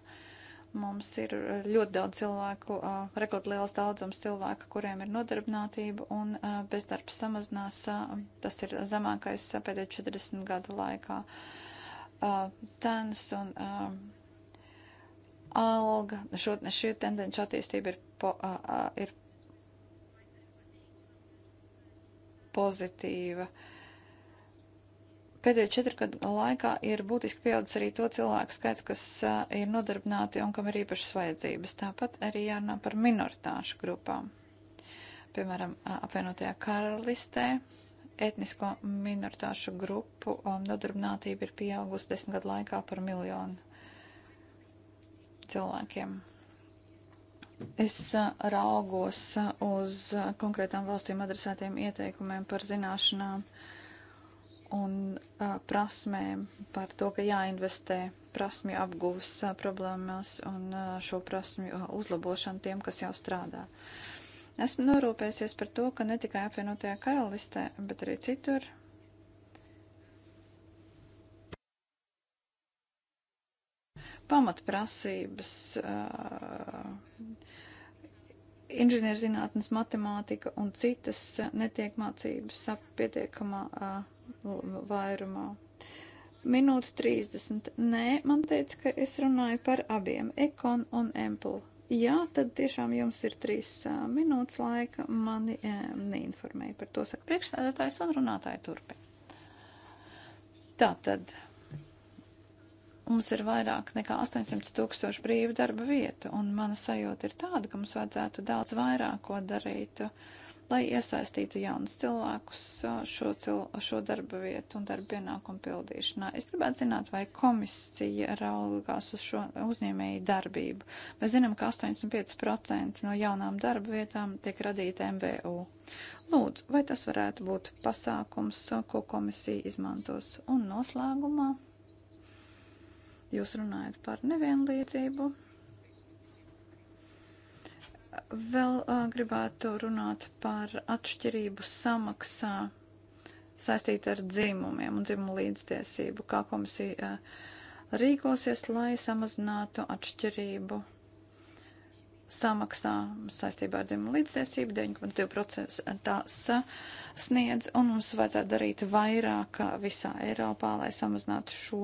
Speaker 1: mums ir ļoti daudz cilvēku, a, rekordliels daudzums cilvēku, kuriem ir nodarbinātība un a, bezdarbs samazinās. A, tas ir zemākais pēdējo 40 gadu laikā. A, cenas un a, alga, šo, šī tendenci attīstība ir po, a, a, ir pozitīva. Pēdējo četru gadu laikā ir būtiski pieaudzis arī to cilvēku skaits, kas a, ir nodarbināti un kam ir īpašas vajadzības. Tāpat arī jārunā par minoritāšu grupām. Piemēram, a, apvienotajā karalistē etnisko minoritāšu grupu um, nodarbinātība ir pieaugusi desmit gadu laikā par miljonu cilvēkiem. Es raugos uz konkrētām valstīm adresētiem ieteikumiem par zināšanām un prasmēm, par to, ka jāinvestē prasmju apgūs problēmas un šo prasmju uzlabošanu tiem, kas jau strādā. Esmu norūpējusies par to, ka ne tikai apvienotajā karalistē, bet arī citur pamatprasības, inženierzinātnes, matemātika un citas netiek mācības pietiekamā vairumā. Minūte 30. Nē, man teica, ka es runāju par abiem - ekon un emplu. Jā, tad tiešām jums ir trīs minūtes laika. Mani neinformēja par to, saka priekšsēdētājs un runātāji turpina. Tātad. Mums ir vairāk nekā 800 tūkstoši brīvu darba vietu, un mana sajūta ir tāda, ka mums vajadzētu daudz vairāk ko darīt, lai iesaistītu jaunus cilvēkus uh, šo, cil šo darba vietu un darba pienākumu pildīšanā. Es gribētu zināt, vai komisija raugās uz šo uzņēmēju darbību. Mēs zinām, ka 85% no jaunām darba vietām tiek radīta MVU. Lūdzu, vai tas varētu būt pasākums, uh, ko komisija izmantos? Un noslēgumā. Jūs runājat par nevienlīdzību. Vēl uh, gribētu runāt par atšķirību samaksā saistīta ar dzimumiem un dzimumu līdztiesību. Kā komisija uh, rīkosies, lai samazinātu atšķirību? samaksā saistībā ar dzimumu līdztiesību 9,2% tās sniedz, un mums vajadzētu darīt vairāk visā Eiropā, lai samazinātu šo,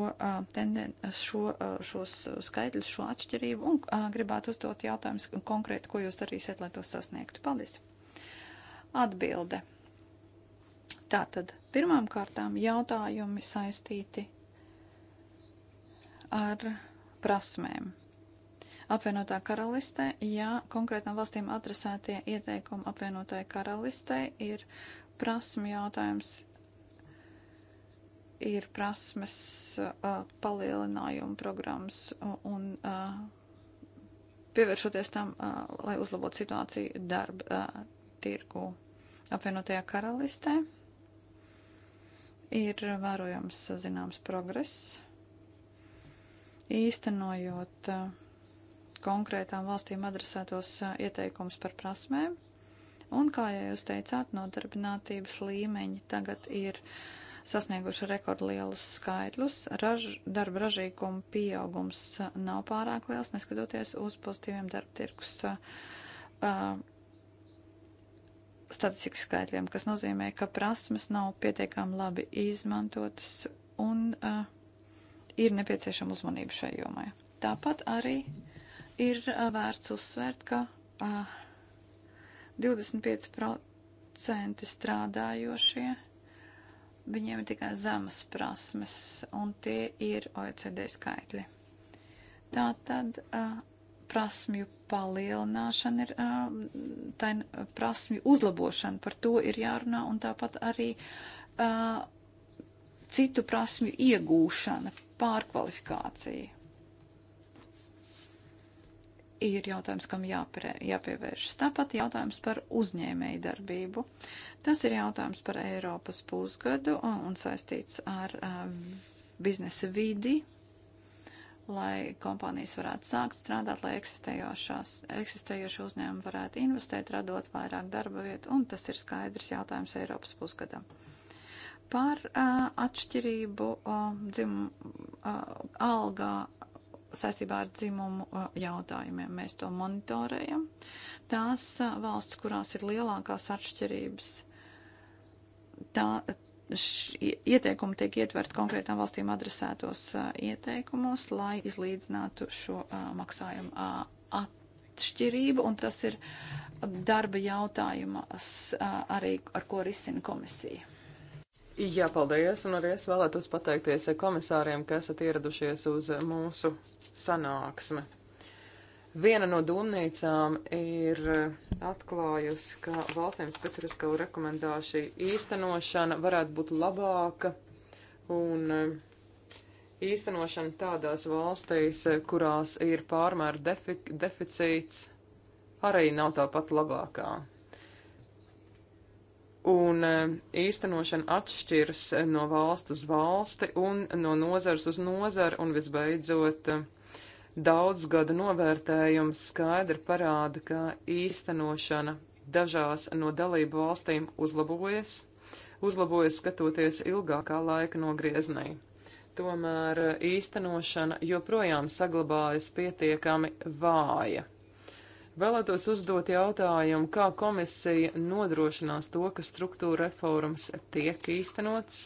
Speaker 1: tenden, šo, šos skaidrus, šo atšķirību, un gribētu uzdot jautājumus konkrēti, ko jūs darīsiet, lai to sasniegtu. Paldies! Atbilde. Tātad pirmām kārtām jautājumi saistīti ar prasmēm apvienotā karalistē, ja konkrētām valstīm adresētie ieteikumi apvienotāja karalistē ir prasmu jautājums, ir prasmes uh, palielinājuma programmas un uh, pievēršoties tam, uh, lai uzlabotu situāciju darba uh, tirgu apvienotajā karalistē ir vērojams zināms progress, īstenojot uh, konkrētām valstīm adresētos ieteikums par prasmēm. Un, kā jau jūs teicāt, nodarbinātības līmeņi tagad ir sasnieguši rekordlielus skaitļus. Raž, darba ražīguma pieaugums nav pārāk liels, neskatoties uz pozitīviem darba tirkus uh, statistikas skaitļiem, kas nozīmē, ka prasmes nav pietiekami labi izmantotas un uh, ir nepieciešama uzmanība šai jomai. Tāpat arī Ir vērts uzsvērt, ka 25% strādājošie, viņiem ir tikai zemas prasmes, un tie ir OECD skaitļi. Tā tad prasmju palielināšana ir, tā ir prasmju uzlabošana, par to ir jārunā, un tāpat arī citu prasmju iegūšana, pārkvalifikācija ir jautājums, kam jāpre, jāpievēršas. Tāpat jautājums par uzņēmēju darbību. Tas ir jautājums par Eiropas pusgadu un, un saistīts ar uh, biznesa vidi, lai kompānijas varētu sākt strādāt, lai eksistējošie uzņēmumi varētu investēt, radot vairāk darba vietu, un tas ir skaidrs jautājums Eiropas pusgadam. Par uh, atšķirību uh, dzimumu uh, algā saistībā ar dzimumu uh, jautājumiem. Mēs to monitorējam. Tās uh, valsts, kurās ir lielākās atšķirības, tā, ieteikumi tiek ietverti konkrētām valstīm adresētos uh, ieteikumos, lai izlīdzinātu šo maksājumu atšķirību, un tas ir darba jautājums arī, ar ko risina komisija.
Speaker 2: Jā, paldies, un arī es vēlētos pateikties komisāriem, ka esat ieradušies uz mūsu sanāksmi. Viena no domnīcām ir atklājusi, ka valstīm specifisko rekomendāciju īstenošana varētu būt labāka un eh, īstenošana tādās valstīs, kurās ir pārmēr defi deficīts, arī nav tāpat labākā un eh, īstenošana atšķiras eh, no valsts uz valsti un no nozars uz nozaru, un visbeidzot eh, daudz gada novērtējums skaidri parāda, ka īstenošana dažās no dalību valstīm uzlabojas, uzlabojas skatoties ilgākā laika nogrieznī. Tomēr īstenošana joprojām saglabājas pietiekami vāja. Vēlētos uzdot jautājumu, kā komisija nodrošinās to, ka struktūra reformas tiek īstenots.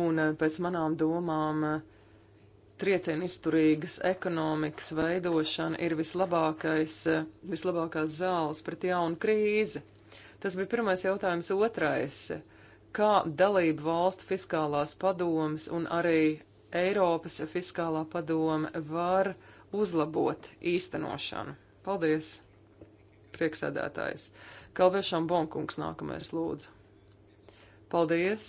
Speaker 2: Un eh, pēc manām domām eh, triecienu izturīgas ekonomikas veidošana ir vislabākais, eh, vislabākās zāles pret jaunu krīzi. Tas bija pirmais jautājums. Otrais - kā dalību valstu fiskālās padomas un arī Eiropas fiskālā padome var uh, uzlabot īstenošanu. Paldies, prieksēdētājs. Kalvēšām Bonkungs nākamais lūdzu. Paldies!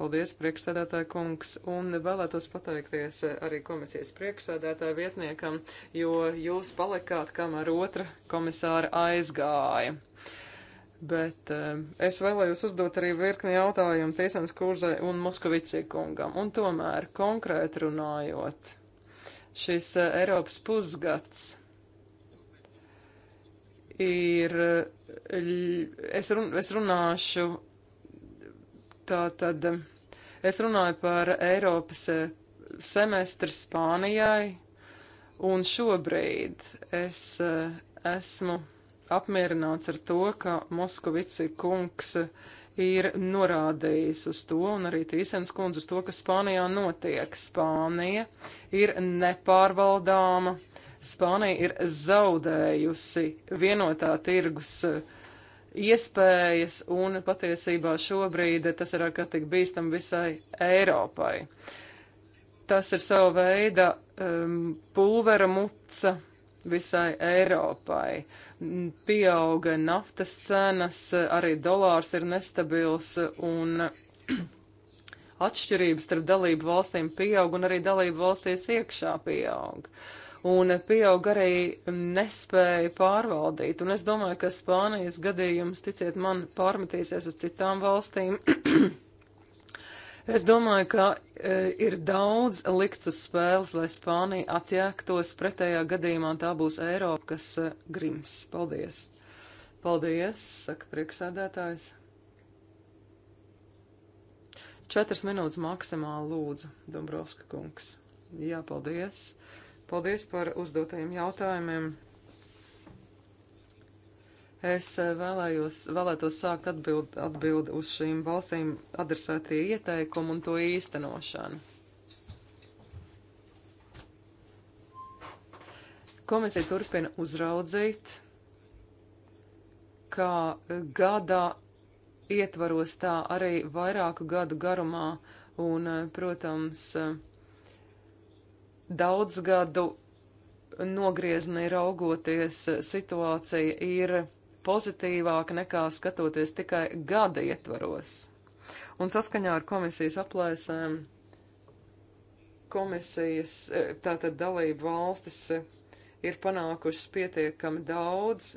Speaker 2: Paldies, priekšsēdētāja kungs, un vēlētos pateikties arī komisijas priekšsēdētāja vietniekam, jo jūs palikāt, kamēr otra komisāra aizgāja. Bet eh, es vēlējos uzdot arī virkni jautājumu Tīsens Kurzai un Moskavicī kungam, un tomēr konkrēti runājot šis eh, Eiropas pusgads ir, eh, es, run, es runāšu tā tad, es runāju par Eiropas eh, semestri Spānijai, un šobrīd es esmu apmierināts ar to, ka Moskovici kungs uh, ir norādījis uz to, un arī Tīsens kundze uz to, kas Spānijā notiek. Spānija ir nepārvaldāma, Spānija ir zaudējusi vienotā tirgus eh, iespējas, un patiesībā šobrīd tas ir ārkārtīgi bīstam visai Eiropai. Tas ir sava veida um, pulvera muca visai Eiropai. Uh, pieauga naftas cenas, arī dolārs ir nestabils un atšķirības starp dalību valstīm pieaug un arī dalību valstīs iekšā pieaug. Un pieaug arī nespēja pārvaldīt. Un es domāju, ka Spānijas gadījums, ticiet man, pārmetīsies uz citām valstīm. Es domāju, ka e, ir daudz likts uz spēles, lai Spānija atjēgtos. Pretējā gadījumā tā būs Eiropa, kas e, grims. Paldies! Paldies, saka priekšsēdētājs. Četras minūtes maksimāli lūdzu, Dombrovska kungs. Jā, paldies! Paldies par uzdotajiem jautājumiem! Es eh, vēlējos, vēlētos sākt atbild, atbild uz šīm valstīm adresētie ieteikumu un to īstenošanu. Komisija turpina uzraudzīt, kā gada ietvaros tā arī vairāku gadu garumā un, eh, protams, eh, daudz gadu nogriezni raugoties situācija ir pozitīvāka nekā skatoties tikai gada ietvaros. Un saskaņā ar komisijas aplēsēm komisijas, eh, tātad dalību valstis eh, ir panākušas pietiekami daudz,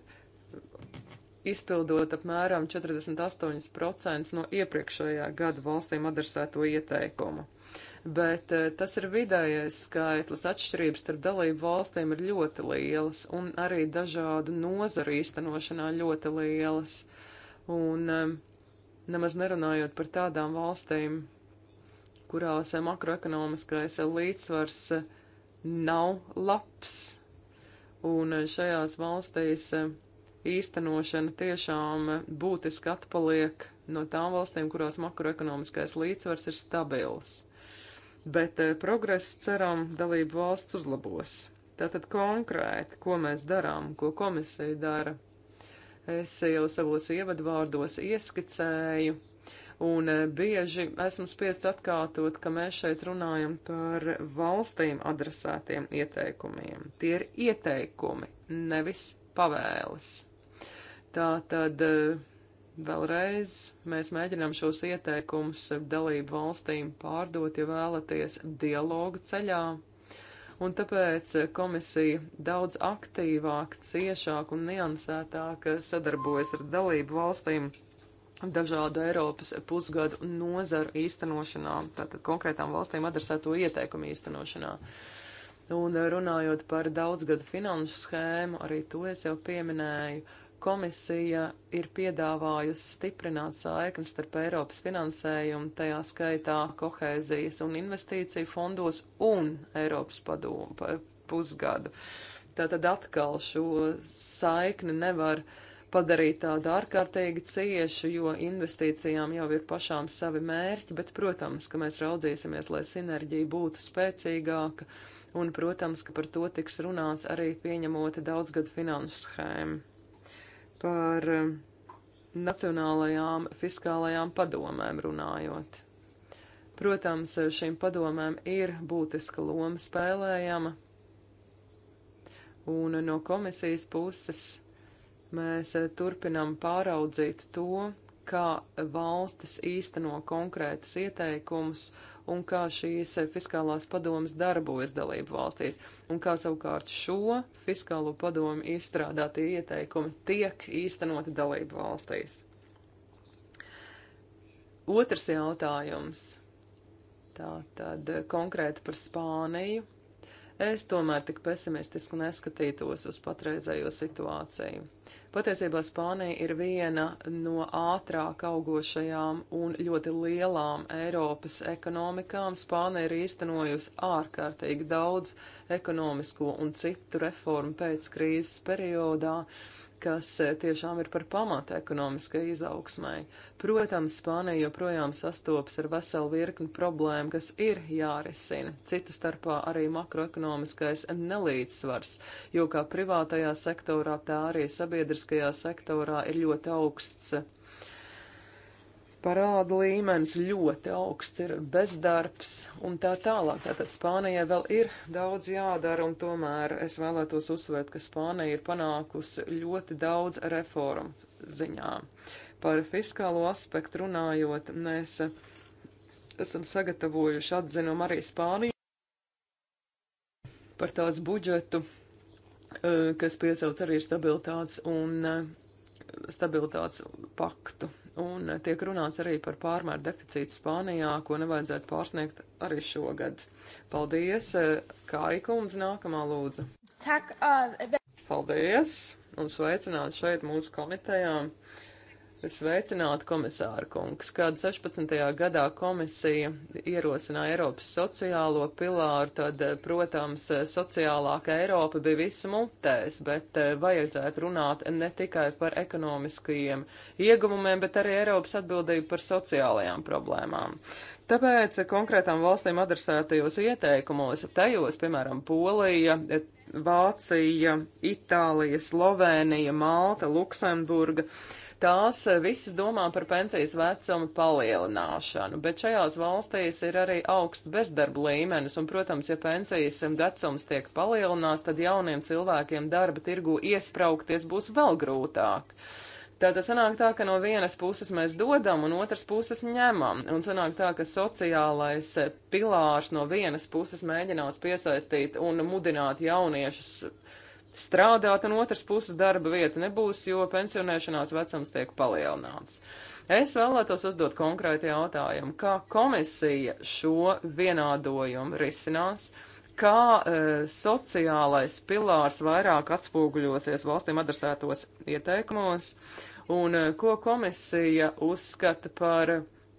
Speaker 2: izpildot apmēram 48% no iepriekšējā gada valstīm adresēto ieteikumu bet eh, tas ir vidējais skaitlis. Atšķirības starp dalību valstīm ir ļoti lielas un arī dažādu nozaru īstenošanā ļoti lielas. Un eh, nemaz nerunājot par tādām valstīm, kurās eh, makroekonomiskais līdzsvars nav labs, un šajās valstīs īstenošana tiešām būtiski atpaliek no tām valstīm, kurās makroekonomiskais līdzsvars ir stabils bet eh, progresu ceram dalību valsts uzlabos. Tātad konkrēti, ko mēs darām, ko komisija dara, es jau savos ievadvārdos ieskicēju, un eh, bieži esmu spiests atkārtot, ka mēs šeit runājam par valstīm adresētiem ieteikumiem. Tie ir ieteikumi, nevis pavēles. Tātad. Uh, Vēlreiz mēs mēģinām šos ieteikumus dalību valstīm pārdot, ja vēlaties, dialogu ceļā. Un tāpēc komisija daudz aktīvāk, ciešāk un niansētāk sadarbojas ar dalību valstīm dažādu Eiropas pusgadu nozaru īstenošanā, tātad konkrētām valstīm adresēto ieteikumu īstenošanā. Un runājot par daudzgadu finanšu schēmu, arī to es jau pieminēju, komisija ir piedāvājusi stiprināt saikni starp Eiropas finansējumu, tajā skaitā kohēzijas un investīciju fondos un Eiropas padomu pusgadu. Tātad atkal šo saikni nevar padarīt tādu ārkārtīgi ciešu, jo investīcijām jau ir pašām savi mērķi, bet, protams, ka mēs raudzīsimies, lai sinerģija būtu spēcīgāka, un, protams, ka par to tiks runāts arī pieņemot daudzgadu finanšu schēmu par eh, nacionālajām fiskālajām padomēm runājot. Protams, eh, šīm padomēm ir būtiska loma spēlējama, un no komisijas puses mēs eh, turpinam pāraudzīt to, kā valstis īsteno konkrētus ieteikumus, uh, un kā šīs fiskālās padomas darbojas dalību valstīs, un kā savukārt šo fiskālo padomu izstrādātie ieteikumi tiek īstenoti dalību valstīs. Otrs jautājums. Tā tad konkrēti par Spāniju Es tomēr tik pesimistiski neskatītos uz patreizējo situāciju. Patiesībā Spānija ir viena no ātrāk augošajām un ļoti lielām Eiropas ekonomikām. Spānija ir īstenojusi ārkārtīgi daudz ekonomisko un citu reformu pēc krīzes periodā. Uh, kas eh, tiešām ir par pamatu ekonomiskai izaugsmai. Protams, Spānija joprojām sastopas ar veselu virkni problēmu, kas ir jārisina, citu starpā arī makroekonomiskais nelīdzsvars, jo kā privātajā sektorā, tā arī sabiedriskajā sektorā ir ļoti augsts parāda līmenis ļoti augsts, ir bezdarbs un tā tālāk. Tātad Spānijai vēl ir daudz jādara, un tomēr es vēlētos uzsvērt, ka Spānija ir panākusi ļoti daudz reformu ziņā. Par fiskālo aspektu runājot, mēs esam sagatavojuši atzinumu arī Spāniju par tās budžetu, eh, kas piesauc arī stabilitātes un eh, stabilitātes paktu un tiek runāts arī par pārmēru deficītu Spānijā, ko nevajadzētu pārsniegt arī šogad. Paldies, Kāri kundze, nākamā lūdzu.
Speaker 3: Tak, uh,
Speaker 2: Paldies un sveicināt šeit mūsu komitejām. Uh, Sveicināti, komisāra kungs, kad 16. gadā komisija ierosināja Eiropas sociālo pilāru, tad, eh, protams, eh, sociālāka Eiropa bija visu mutēs, bet eh, vajadzētu runāt ne tikai par ekonomiskajiem iegumumiem, bet arī Eiropas atbildību par sociālajām problēmām. Tāpēc konkrētām valstīm adresētajos ieteikumos, tajos, piemēram, Polija, Vācija, Itālija, Slovēnija, Malta, Luksemburga, tās eh, visas domā par pensijas vecumu palielināšanu, bet šajās valstīs ir arī augsts bezdarba līmenis, un, protams, ja pensijas vecums tiek palielināts, tad jauniem cilvēkiem darba tirgu iespraukties būs vēl grūtāk. Tātad sanāk tā, ka no vienas puses mēs dodam un otras puses ņemam, un sanāk tā, ka sociālais eh, pilārs no vienas puses mēģinās piesaistīt un mudināt jauniešus strādāt, un otrs puses darba vieta nebūs, jo pensionēšanās vecums tiek palielināts. Es vēlētos uzdot konkrēti jautājumu, kā komisija šo vienādojumu risinās, kā e, sociālais pilārs vairāk atspoguļosies valstīm adresētos ieteikumos, un e, ko komisija uzskata par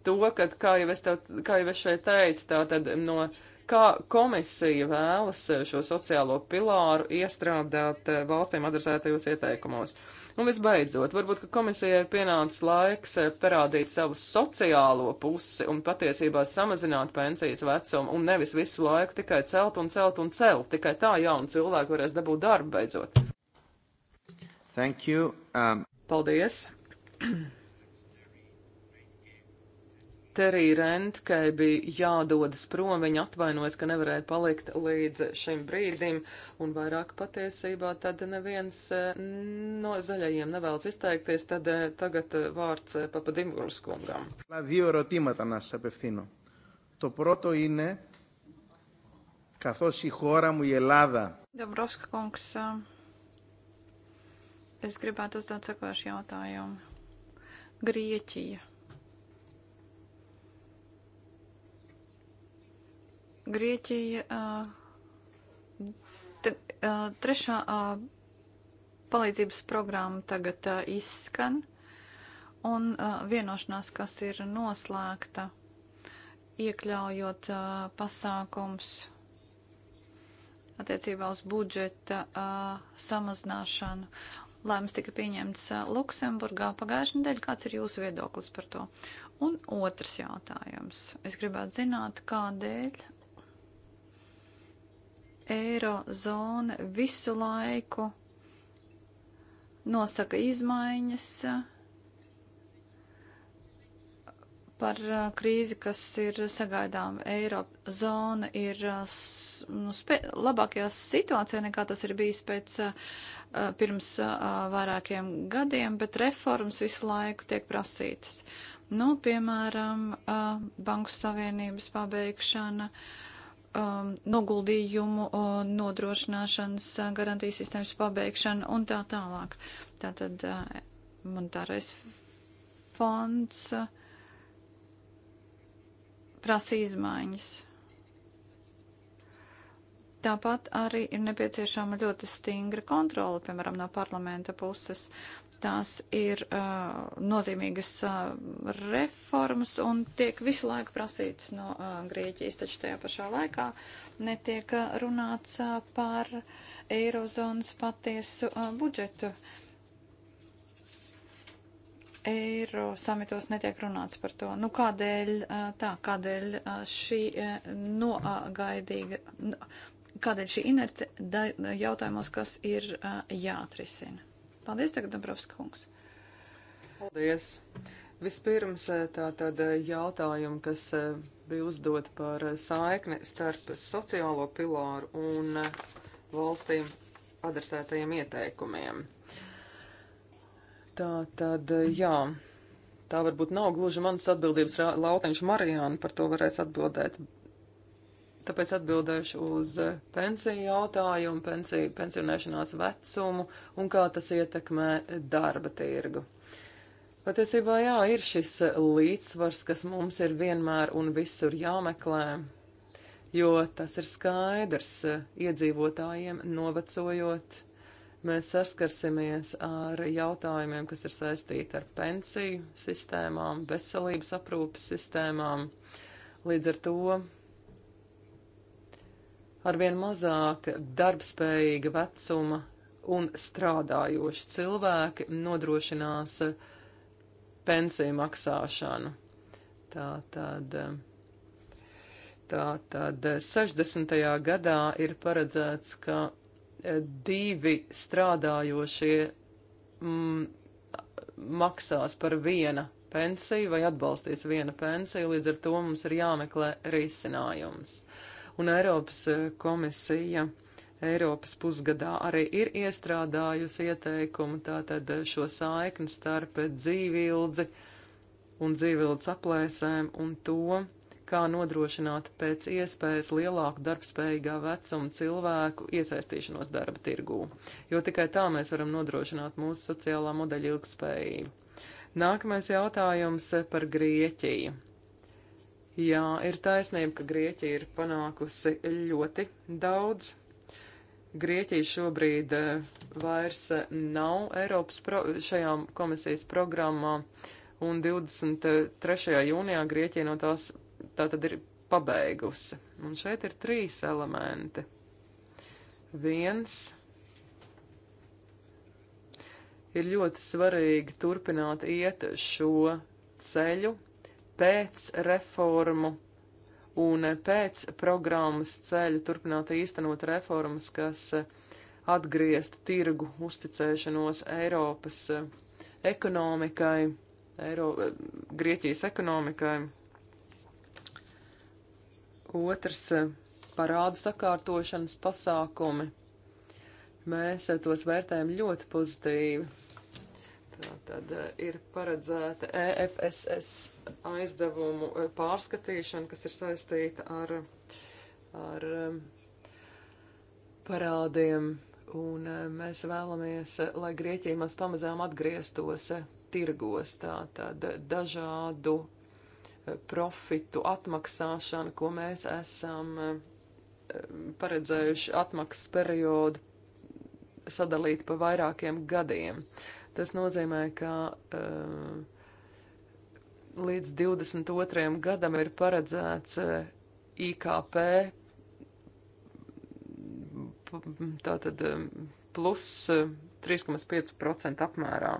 Speaker 2: to, ka, kā jau es, tev, kā jau es šeit teicu, tā tad no kā komisija vēlas eh, šo sociālo pilāru iestrādāt eh, valstīm adresētajos ieteikumos. Un visbeidzot, varbūt, ka komisijai ir pienācis laiks eh, parādīt savu sociālo pusi un patiesībā samazināt pensijas vecumu un nevis visu laiku tikai celt un celt un celt. Tikai tā jauni cilvēki varēs dabūt darbu beidzot.
Speaker 6: Thank you. Um...
Speaker 2: Paldies. Terija Rentkai bija jādodas prom, viņa atvainojas, ka nevarēja palikt līdz šim brīdim, un vairāk patiesībā tad neviens e, no zaļajiem nevēlas izteikties, tad e, tagad e, vārds papadimgurs kungam.
Speaker 6: Δύο ερωτήματα να σας απευθύνω. Το πρώτο είναι, καθώς η χώρα μου, η Ελλάδα...
Speaker 2: Dabrovska kungs,
Speaker 1: es gribētu uzdot sekošu jautājumu. Grieķija Grieķija te, trešā palīdzības programma tagad izskan, un vienošanās, kas ir noslēgta, iekļaujot pasākums attiecībā uz budžeta samazināšanu. Lēmums tika pieņemts Luksemburgā pagājušajā nedēļā. Kāds ir jūsu viedoklis par to? Un otrs jautājums. Es gribētu zināt, kādēļ Eirozona visu laiku nosaka izmaiņas par krīzi, kas ir sagaidām. Eirozona ir nu, labākajā situācijā nekā tas ir bijis pēc pirms vairākiem gadiem, bet reformas visu laiku tiek prasītas. Nu, piemēram, Banku Savienības pabeigšana. Uh, um, noguldījumu uh, nodrošināšanas uh, garantijas sistēmas pabeigšana un tā tālāk. Tātad uh, monetārais fonds uh, prasa izmaiņas. Tāpat arī ir nepieciešama ļoti stingra kontrola, piemēram, no parlamenta puses tās ir uh, nozīmīgas uh, reformas un tiek visu laiku prasītas no uh, Grieķijas, taču tajā pašā laikā netiek uh, runāts uh, par eirozonas patiesu uh, budžetu. Eiro samitos netiek runāts par to. Nu, kādēļ uh, tā, kādēļ uh, šī uh, nogaidīga, kādēļ šī inerte jautājumos, kas ir uh, jāatrisina? Paldies, tagad Dabrovska kungs.
Speaker 2: Paldies. Vispirms eh, tātad eh, jautājumi, kas eh, bija uzdot par saikni starp sociālo pilāru un valstīm adresētajiem ieteikumiem. Tā tad, jā, tā varbūt nav gluži manas atbildības lautiņš Marijāna, par to varēs atbildēt, Tāpēc atbildēšu uz pensiju jautājumu, pensiju, pensionēšanās vecumu un kā tas ietekmē darba tirgu. Patiesībā jā, ir šis līdzsvars, kas mums ir vienmēr un visur jāmeklē, jo tas ir skaidrs iedzīvotājiem novecojot. Mēs saskarsimies ar jautājumiem, kas ir saistīti ar pensiju sistēmām, veselības aprūpas sistēmām. Līdz ar to arvien mazāk darbspējīga vecuma un strādājoši cilvēki nodrošinās pensiju maksāšanu. Tā tad, tā tad 60. gadā ir paredzēts, ka divi strādājošie mm, maksās par viena pensiju vai atbalstīs viena pensiju, līdz ar to mums ir jāmeklē risinājums. Uh, un Eiropas eh, komisija Eiropas pusgadā arī ir iestrādājusi ieteikumu tātad eh, šo saikni starp dzīvildzi un dzīvildes aplēsēm un to, kā nodrošināt pēc iespējas lielāku darbspējīgā vecuma cilvēku iesaistīšanos darba tirgū, jo tikai tā mēs varam nodrošināt mūsu sociālā modeļa ilgspējību. Nākamais jautājums eh, par Grieķiju. Jā, ir taisnība, ka Grieķija ir panākusi ļoti daudz. Grieķija šobrīd eh, vairs eh, nav Eiropas pro, šajā komisijas programmā, un 23. jūnijā Grieķija no tās tā tad ir pabeigusi. Un šeit ir trīs elementi. Viens ir ļoti svarīgi turpināt iet šo ceļu, pēc reformu un pēc programmas ceļu turpināt īstenot reformas, kas atgrieztu tirgu uzticēšanos Eiropas eh, ekonomikai, Eiro, eh, Grieķijas ekonomikai. Otrs eh, parādu sakārtošanas pasākumi. Mēs tos vērtējam ļoti pozitīvi Tātad eh, ir paredzēta EFSS aizdevumu eh, pārskatīšana, kas ir saistīta ar, ar um, parādiem, un eh, mēs vēlamies, lai Grieķija mēs pamazām atgrieztos tirgos, tātad dažādu profitu atmaksāšanu, ko mēs esam paredzējuši atmaksas periodu sadalīt pa vairākiem gadiem. Tas nozīmē, ka uh, līdz 22. gadam ir paredzēts uh, eh, IKP tātad uh, plus 3,5% apmērā.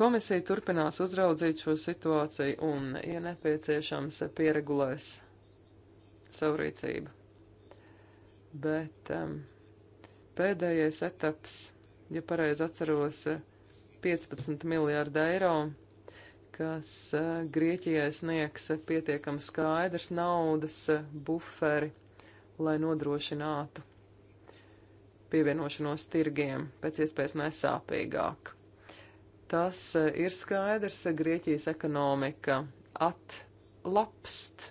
Speaker 2: Komisija turpinās uzraudzīt šo situāciju un, ja nepieciešams, pieregulēs savu rīcību. Bet um, pēdējais etaps, ja pareizi atceros, 15 miljārdu eiro, kas eh, Grieķijai sniegs pietiekams skaidrs naudas eh, buferi, lai nodrošinātu pievienošanos tirgiem pēc iespējas nesāpīgāk. Tas eh, ir skaidrs, Grieķijas ekonomika atlapst.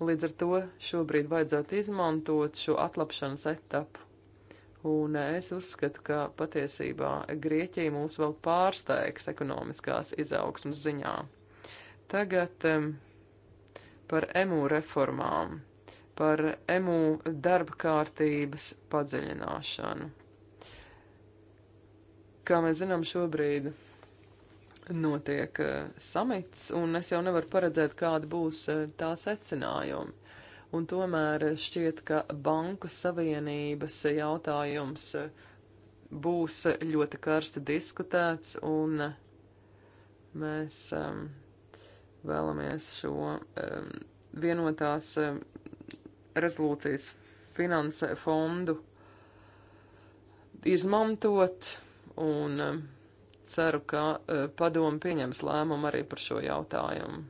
Speaker 2: Līdz ar to šobrīd vajadzētu izmantot šo atlapšanas etapu Un es uzskatu, ka patiesībā Grieķija mūs vēl pārsteigs ekonomiskās izaugsmas ziņā. Tagad um, par EMU reformām, par EMU darba kārtības padziļināšanu. Kā mēs zinām, šobrīd notiek uh, samits, un es jau nevaru paredzēt, kāda būs uh, tā secinājuma un tomēr šķiet, ka banku savienības jautājums eh, būs ļoti karsti diskutēts, un eh, mēs um, vēlamies šo um, vienotās um, rezolūcijas finanse fondu izmantot, un um, ceru, ka um, padomu pieņems lēmumu arī par šo jautājumu.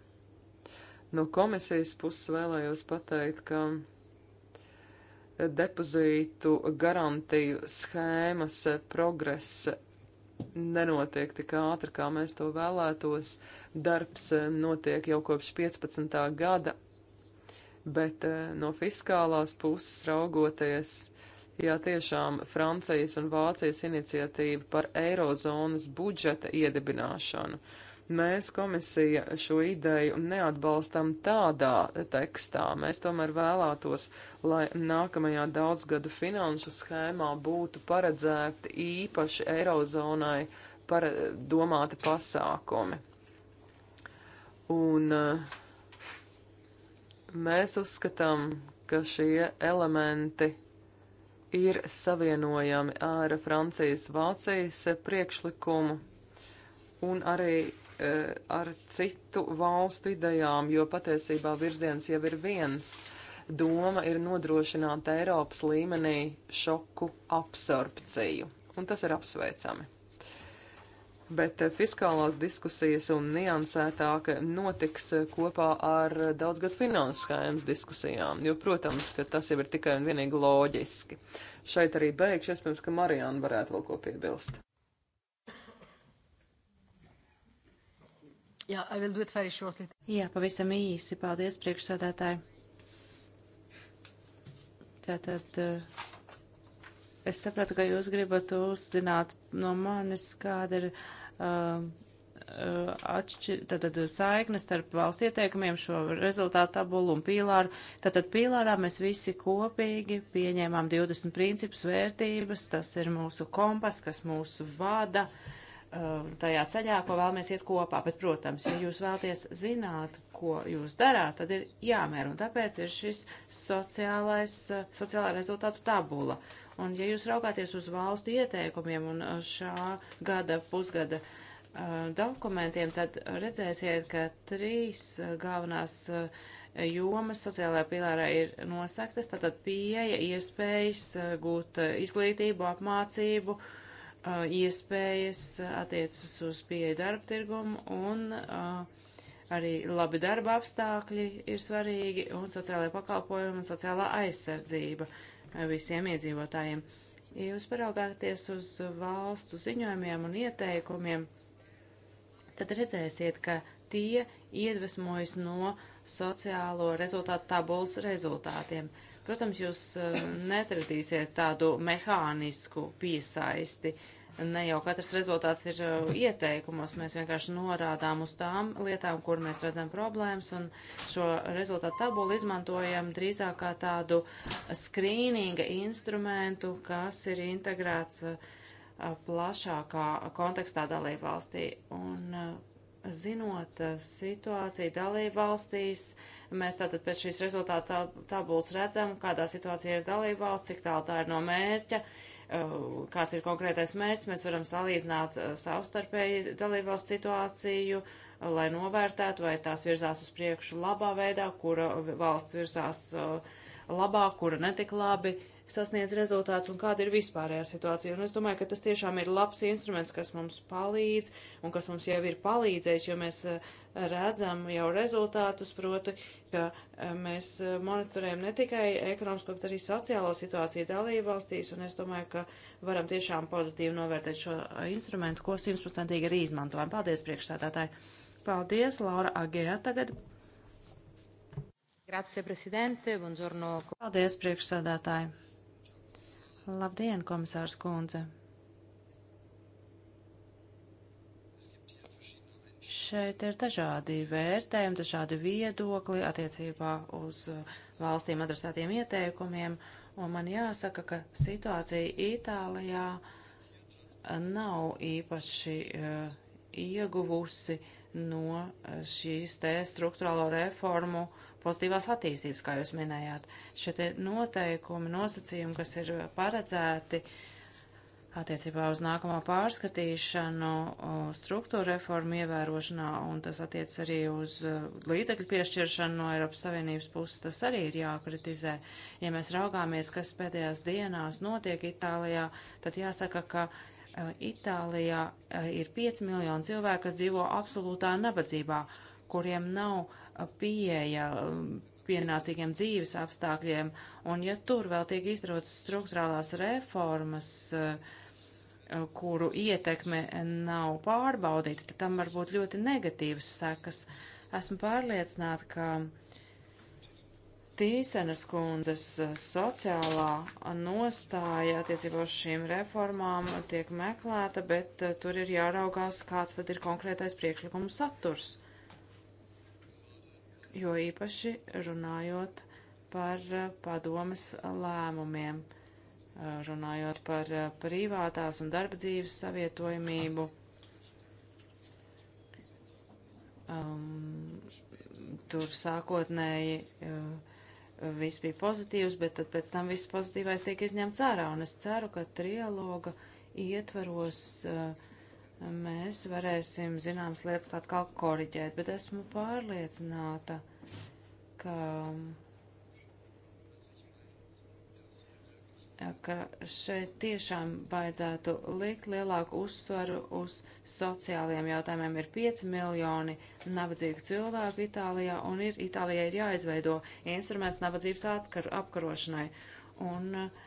Speaker 2: No komisijas puses vēlējos pateikt, ka depozītu garantiju schēmas progress nenotiek tik ātri, kā mēs to vēlētos. Darbs eh, notiek jau kopš 15. gada, bet eh, no fiskālās puses raugoties, jā, tiešām Francijas un Vācijas iniciatīva par eirozonas budžeta iedibināšanu. Uh, Mēs komisija šo ideju neatbalstam tādā tekstā. Mēs tomēr vēlētos, lai nākamajā daudzgadu finanšu schēmā būtu paredzēti īpaši Eirozonai pare domāti pasākumi. Un eh, mēs uzskatām, ka šie elementi ir savienojami ar Francijas-Vācijas priekšlikumu un arī E, ar citu valstu idejām, jo patiesībā virziens jau ir viens. Doma ir nodrošināt Eiropas līmenī šoku absorpciju, un tas ir apsveicami. Bet e, fiskālās diskusijas un niansētāk notiks e, kopā ar daudzgad finanses schēmas diskusijām, jo, protams, ka tas jau ir tikai un vienīgi loģiski. Šeit arī beigšies, pirms ka Marijāna varētu vēl ko piebilst.
Speaker 5: Jā, yeah,
Speaker 3: Jā, pavisam īsi. Paldies, priekšsādātāji. Tātad eh, es sapratu, ka jūs gribat uzzināt no manis, kāda ir uh, eh, eh, atšķir, tātad saikne starp valsts ieteikumiem šo rezultātu tabulu un pīlāru. Tātad pīlārā mēs visi kopīgi pieņēmām 20 principus vērtības, tas ir mūsu kompas, kas mūsu vada. Uh, Um, tajā ceļā, ko vēlamies iet kopā. Bet, protams, ja jūs vēlaties zināt, ko jūs darāt, tad ir jāmēra. Un tāpēc ir šis sociālais, uh, sociālā rezultātu tabula. Un, ja jūs raugāties uz valstu ieteikumiem un uh, šā gada pusgada uh, dokumentiem, tad redzēsiet, ka trīs uh, galvenās uh, jomas sociālajā pilārā ir nosaktas, tātad pieeja, iespējas, gūt izglītību, apmācību, uh, iespējas attiecas uz pieeju darba tirgumu un arī labi darba apstākļi ir svarīgi un sociālajie pakalpojumi un sociālā aizsardzība visiem iedzīvotājiem. Ja jūs paraugāties uz valstu ziņojumiem un ieteikumiem, tad redzēsiet, ka tie iedvesmojas no sociālo rezultātu tabulas rezultātiem. Uh, Protams, jūs eh, netradīsiet tādu mehānisku piesaisti. Ne jau katrs rezultāts ir eh, ieteikumos, mēs vienkārši norādām uz tām lietām, kur mēs redzam problēmas, un šo rezultātu tabulu izmantojam drīzāk kā tādu skrīninga instrumentu, kas ir integrēts eh, plašākā kontekstā dalību valstī. Un zinot eh, situāciju dalību valstīs, mēs tātad pēc šīs rezultāta tabulas redzam, kādā situācijā ir dalību valsts, cik tālu tā ir no mērķa, eh, kāds ir konkrētais mērķis, mēs varam salīdzināt eh, savstarpēji dalību valsts situāciju, lai novērtētu, vai tās virzās uz priekšu labā veidā, kura valsts virzās labāk, kura netik labi. Uh, sasniedz rezultāts un kāda ir vispārējā situācija. Un es domāju, ka tas tiešām ir labs instruments, kas mums palīdz un kas mums jau ir palīdzējis, jo mēs eh, redzam jau rezultātus, proti, ka eh, mēs eh, monitorējam ne tikai ekonomisko, bet arī sociālo situāciju dalību valstīs, un es domāju, ka varam tiešām pozitīvi novērtēt šo instrumentu, ko simtprocentīgi arī izmantojam. Paldies, priekšsēdētāji! Paldies, Laura Agēja tagad.
Speaker 5: Grazie, prezidente, buongiorno.
Speaker 3: Paldies, priekšsēdētāji. Labdien, komisārs kundze! Šeit ir dažādi vērtējumi, dažādi viedokli attiecībā uz uh, valstīm adresētiem ieteikumiem, un man jāsaka, ka situācija Itālijā uh, nav īpaši uh, ieguvusi no uh, šīs te struktūrālo reformu uh, pozitīvās attīstības, kā jūs minējāt. Šie te noteikumi, nosacījumi, kas ir paredzēti attiecībā uz nākamā pārskatīšanu, struktūra reformu ievērošanā, un tas attiec arī uz līdzekļu piešķiršanu no Eiropas Savienības puses, tas arī ir jākritizē. Ja mēs raugāmies, kas pēdējās dienās notiek Itālijā, tad jāsaka, ka Itālijā e, ir 5 miljoni cilvēku, kas dzīvo absolūtā nabadzībā, kuriem nav pieeja um, pienācīgiem dzīves apstākļiem, un ja tur vēl tiek izdarotas struktūrālās reformas, uh, kuru ietekme nav pārbaudīta, tad tam var būt ļoti negatīvas sekas. Esmu pārliecināta, ka Tīsenes kundzes uh, sociālā nostāja attiecībā uz šīm reformām tiek meklēta, bet uh, tur ir jāraugās, kāds tad ir konkrētais priekšlikums saturs jo īpaši runājot par eh, padomas lēmumiem, eh, runājot par eh, privātās un darba dzīves savietojamību. Um, tur sākotnēji uh, viss bija pozitīvs, bet tad pēc tam viss pozitīvais tiek izņemts ārā, un es ceru, ka trialoga ietvaros uh, mēs varēsim zināmas lietas atkal koriģēt, bet esmu pārliecināta, ka, ka šeit tiešām vajadzētu likt lielāku uzsvaru uz sociālajiem jautājumiem. Ir 5 miljoni nabadzīgu cilvēku Itālijā, un ir, Itālijai ir jāizveido instruments nabadzības atkar, apkarošanai. Un uh,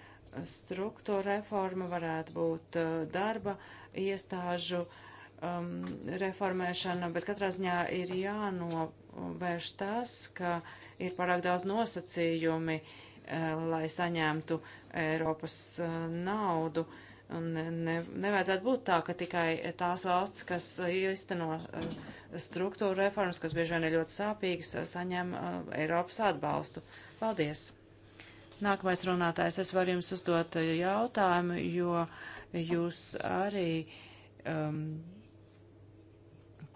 Speaker 3: struktūra reforma varētu būt uh, darba uh, iestāžu um, reformēšana, bet katrā ziņā ir jānovērš tas, ka ir pārāk daudz nosacījumi, uh, lai saņemtu Eiropas uh, naudu. Un ne, nevajadzētu būt tā, ka tikai tās valsts, kas īsteno eh, struktūra reformas, kas bieži vien ir ļoti sāpīgas, saņem Eiropas atbalstu. Paldies! Nākamais runātājs, es varu jums uzdot eh, jautājumu, jo jūs arī um,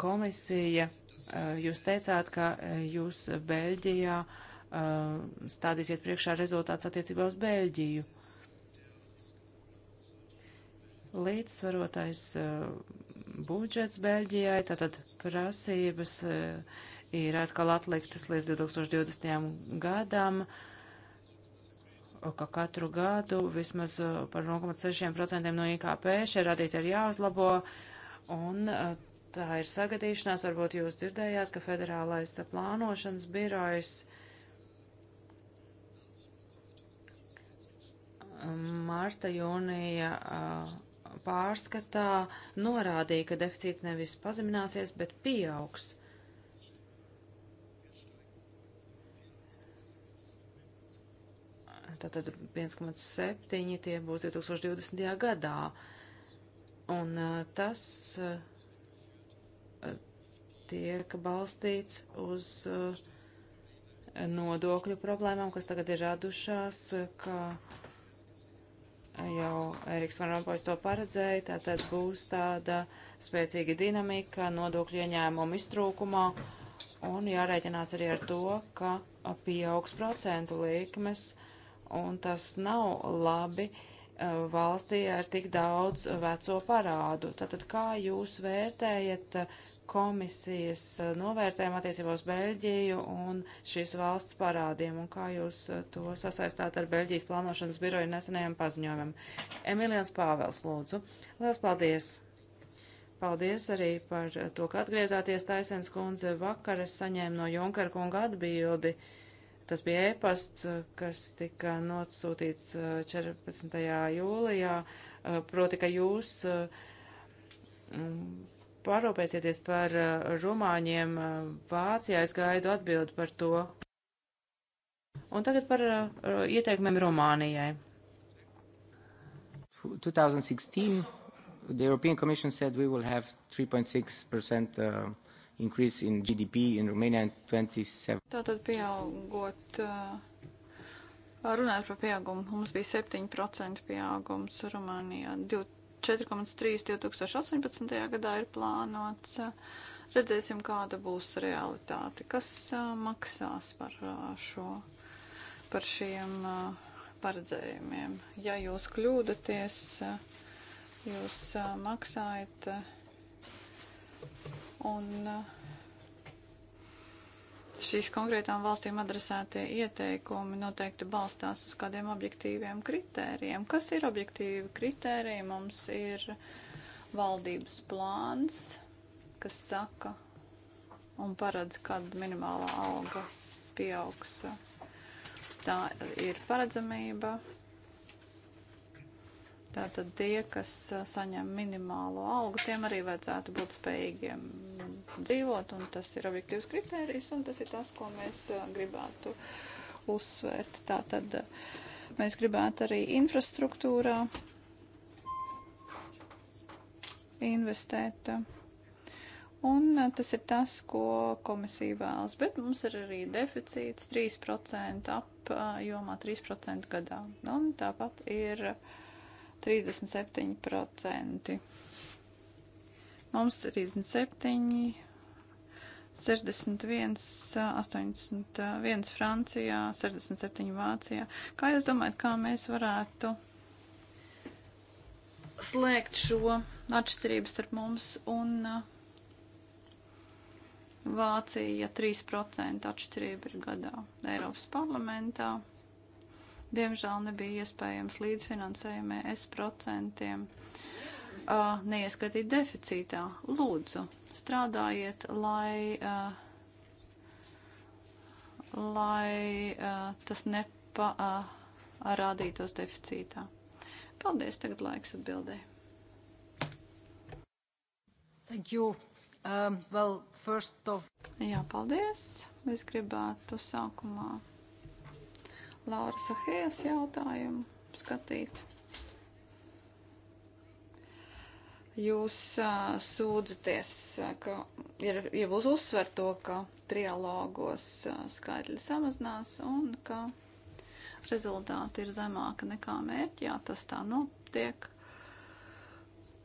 Speaker 3: komisija, eh, jūs teicāt, ka eh, jūs Beļģijā uh, stādīsiet priekšā rezultāts attiecībā uz Beļģiju. Līdzsvarotais uh, budžets Beļģijai, tātad prasības uh, ir atkal atliktas līdz 2020. gadam. Uh, ka katru gadu vismaz par 0,6% no IKP šie radīti ir jāuzlabo, un tā ir sagadīšanās. Varbūt jūs dzirdējāt, ka federālais plānošanas birojs Marta jūnija pārskatā norādīja, ka deficīts nevis pazemināsies, bet pieaugs. Tātad 1,7 tie būs 2020. gadā. Un tas tiek balstīts uz nodokļu problēmām, kas tagad ir radušās, ka jau Eriks Van Rompuis to paredzēja, tātad būs tāda spēcīga dinamika nodokļu ieņēmumu iztrūkumā un jārēķinās arī ar to, ka pieaugs procentu likmes un tas nav labi eh, valstī ar tik daudz veco parādu. Tātad kā jūs vērtējat eh, komisijas eh, novērtējumu attiecībā uz Beļģiju un šīs valsts parādiem, un kā jūs to sasaistāt ar Beļģijas plānošanas biroju nesenajam paziņojumam? Emilians Pāvels, lūdzu. Lielas paldies! Paldies arī par to, ka atgriezāties Taisens kundze. Vakar es saņēmu no Junkara kunga atbildi. Uh, Tas bija ēpasts, kas tika nosūtīts 14. Uh, jūlijā, uh, proti, ka jūs uh, mm, parūpēsieties par rumāņiem Vācijā. Es gaidu atbildi par to. Un tagad par ieteikumiem Rumānijai.
Speaker 6: 2016, the European Commission said we will have 3.6% uh, increase in GDP in Romania and 27.
Speaker 1: Tātad pieaugot, runājot par pieaugumu, mums bija 7% pieaugums Rumānijā. 4,3 2018. gadā ir plānots. Redzēsim, kāda būs realitāte, kas maksās par šo, par šiem paredzējumiem. Ja jūs kļūdaties, jūs maksājat un eh, šīs konkrētām valstīm adresētie ieteikumi noteikti balstās uz kādiem objektīviem kritērijiem. Kas ir objektīvi kritēriji? Mums ir valdības plāns, kas saka un paredz, kad minimālā alga pieaugs. Tā ir paredzamība, Tātad tie, kas saņem minimālo algu, tiem arī vajadzētu būt spējīgiem dzīvot, un tas ir objektīvs kritērijs, un tas ir tas, ko mēs gribētu uzsvērt. Tātad mēs gribētu arī infrastruktūrā investēt. Un tas ir tas, ko komisija vēlas, bet mums ir arī deficīts 3% apjomā 3% gadā. Un tāpat ir uh, 37%. Mums 37, 61, 81 Francijā, 67 Vācijā. Kā jūs domājat, kā mēs varētu slēgt šo atšķirību starp mums un uh, Vācija 3% atšķirība ir gadā Eiropas parlamentā? diemžēl nebija iespējams līdzfinansējumē S procentiem uh, neieskatīt deficītā. Lūdzu, strādājiet, lai, uh, lai uh, tas neparādītos uh, deficītā. Paldies, tagad laiks atbildē.
Speaker 5: Thank you. Um, well, first
Speaker 1: of... Jā, paldies. Es gribētu sākumā Lāra Sahējas jautājumu skatīt. Jūs uh, sūdzaties, ka ir, ja būs uzsver to, ka trialogos uh, skaitļi samazinās un ka rezultāti ir zemāka nekā mērķi, jā, tas tā notiek.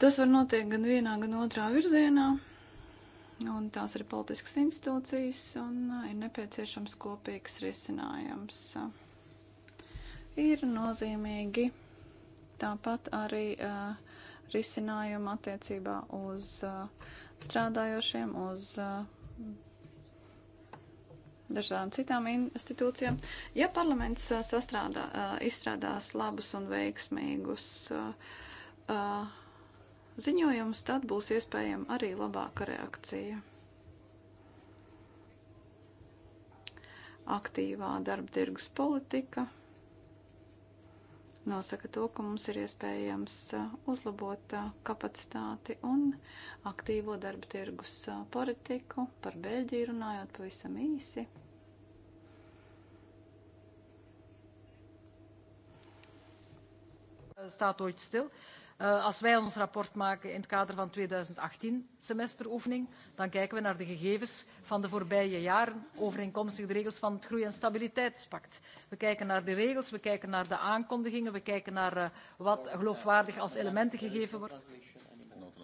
Speaker 1: Tas var notiek gan vienā, gan otrā virzienā. Un tās ir politiskas institūcijas, un ir nepieciešams kopīgs risinājums. Uh, ir nozīmīgi tāpat arī uh, risinājumu attiecībā uz uh, strādājošiem, uz uh, dažādām citām institūcijām. Ja parlaments uh, sastrādā, uh, izstrādās labus un veiksmīgus uh, uh, ziņojumus, tad būs iespējama arī labāka reakcija. Aktīvā darbtirgus politika nosaka to, ka mums ir iespējams uh, uzlabot uh, kapacitāti un aktīvo darba tirgus uh, politiku, par Beļģiju runājot pavisam īsi.
Speaker 5: Stātojot stil. Uh, Uh, als wij ons rapport maken in het kader van de 2018 semesteroefening, dan kijken we naar de gegevens van de voorbije jaren overeenkomstig de regels van het Groei- en Stabiliteitspact. We kijken naar de regels, we kijken naar de aankondigingen, we kijken naar uh, wat geloofwaardig als elementen gegeven wordt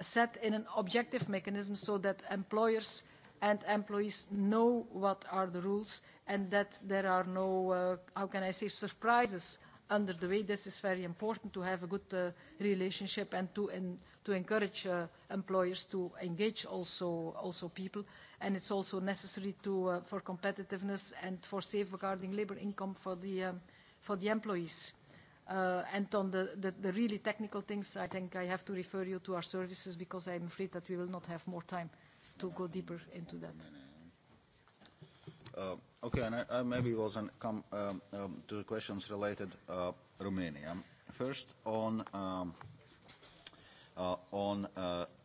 Speaker 5: set in an objective mechanism so that employers and employees know what are the rules and that there are no, uh, how can I say, surprises under the way. This is very important to have a good uh, relationship and to, in, to encourage uh, employers to engage also, also people. And it's also necessary to, uh, for competitiveness and for safeguarding labor income for the, um, for the employees. Uh, and on the, the, the really technical things, I think I have to refer you to our services because I'm afraid that we will not have more time to go deeper into that.
Speaker 4: Uh, okay, and I, I maybe will then come um, um, to the questions related uh, Romania. First, on um, uh, on uh,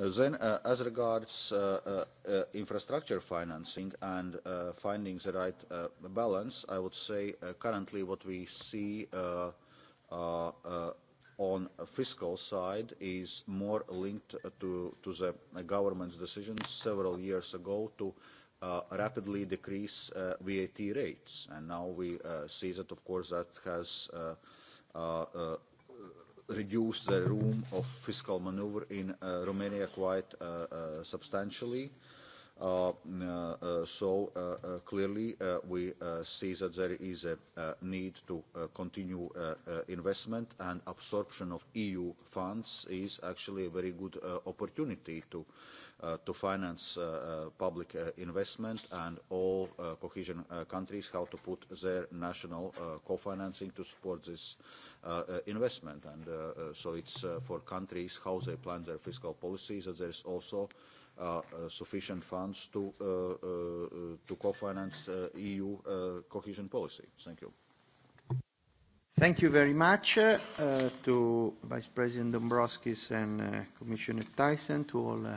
Speaker 4: Uh, then, uh, as regards uh, infrastructure financing and finding the right balance, I would say currently what we see on a fiscal side is more linked to, to the government's decision several years ago to uh, rapidly decrease uh, VAT rates. And now we uh, see that, of course, that has reduced the room of fiscal maneuver in uh, Romania quite uh, uh, substantially. Uh, uh, uh, so uh, uh, clearly uh, we uh, see that there is a uh, need to uh, continue uh, uh, investment and absorption of EU funds is actually a very good uh, opportunity to uh, uh, to finance uh, uh, public uh, investment and all uh, cohesion uh, countries have to put their national uh, co-financing to support this uh, uh, investment. And uh, uh, so it's uh, for countries how they plan their fiscal policies and there's also uh, uh, sufficient funds to, uh, uh, to co-finance uh, EU uh, cohesion policy. Thank you.
Speaker 6: Thank you very much uh, to Vice President Dombrovskis and uh, Commissioner Tyson, to all uh,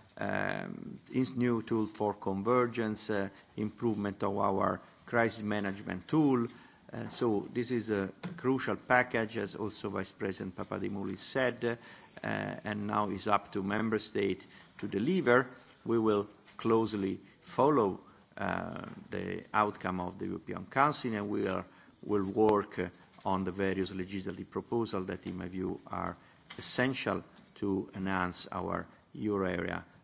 Speaker 6: um, new tool for convergence, uh, improvement of our crisis management tool. Uh, so this is a crucial package, as also Vice President Papadimoulis said, uh, and now is up to member state to deliver. We will closely follow uh, the outcome of the European Council, and we are, will work uh, on the various legislative proposals that, in my view, are essential to enhance our euro area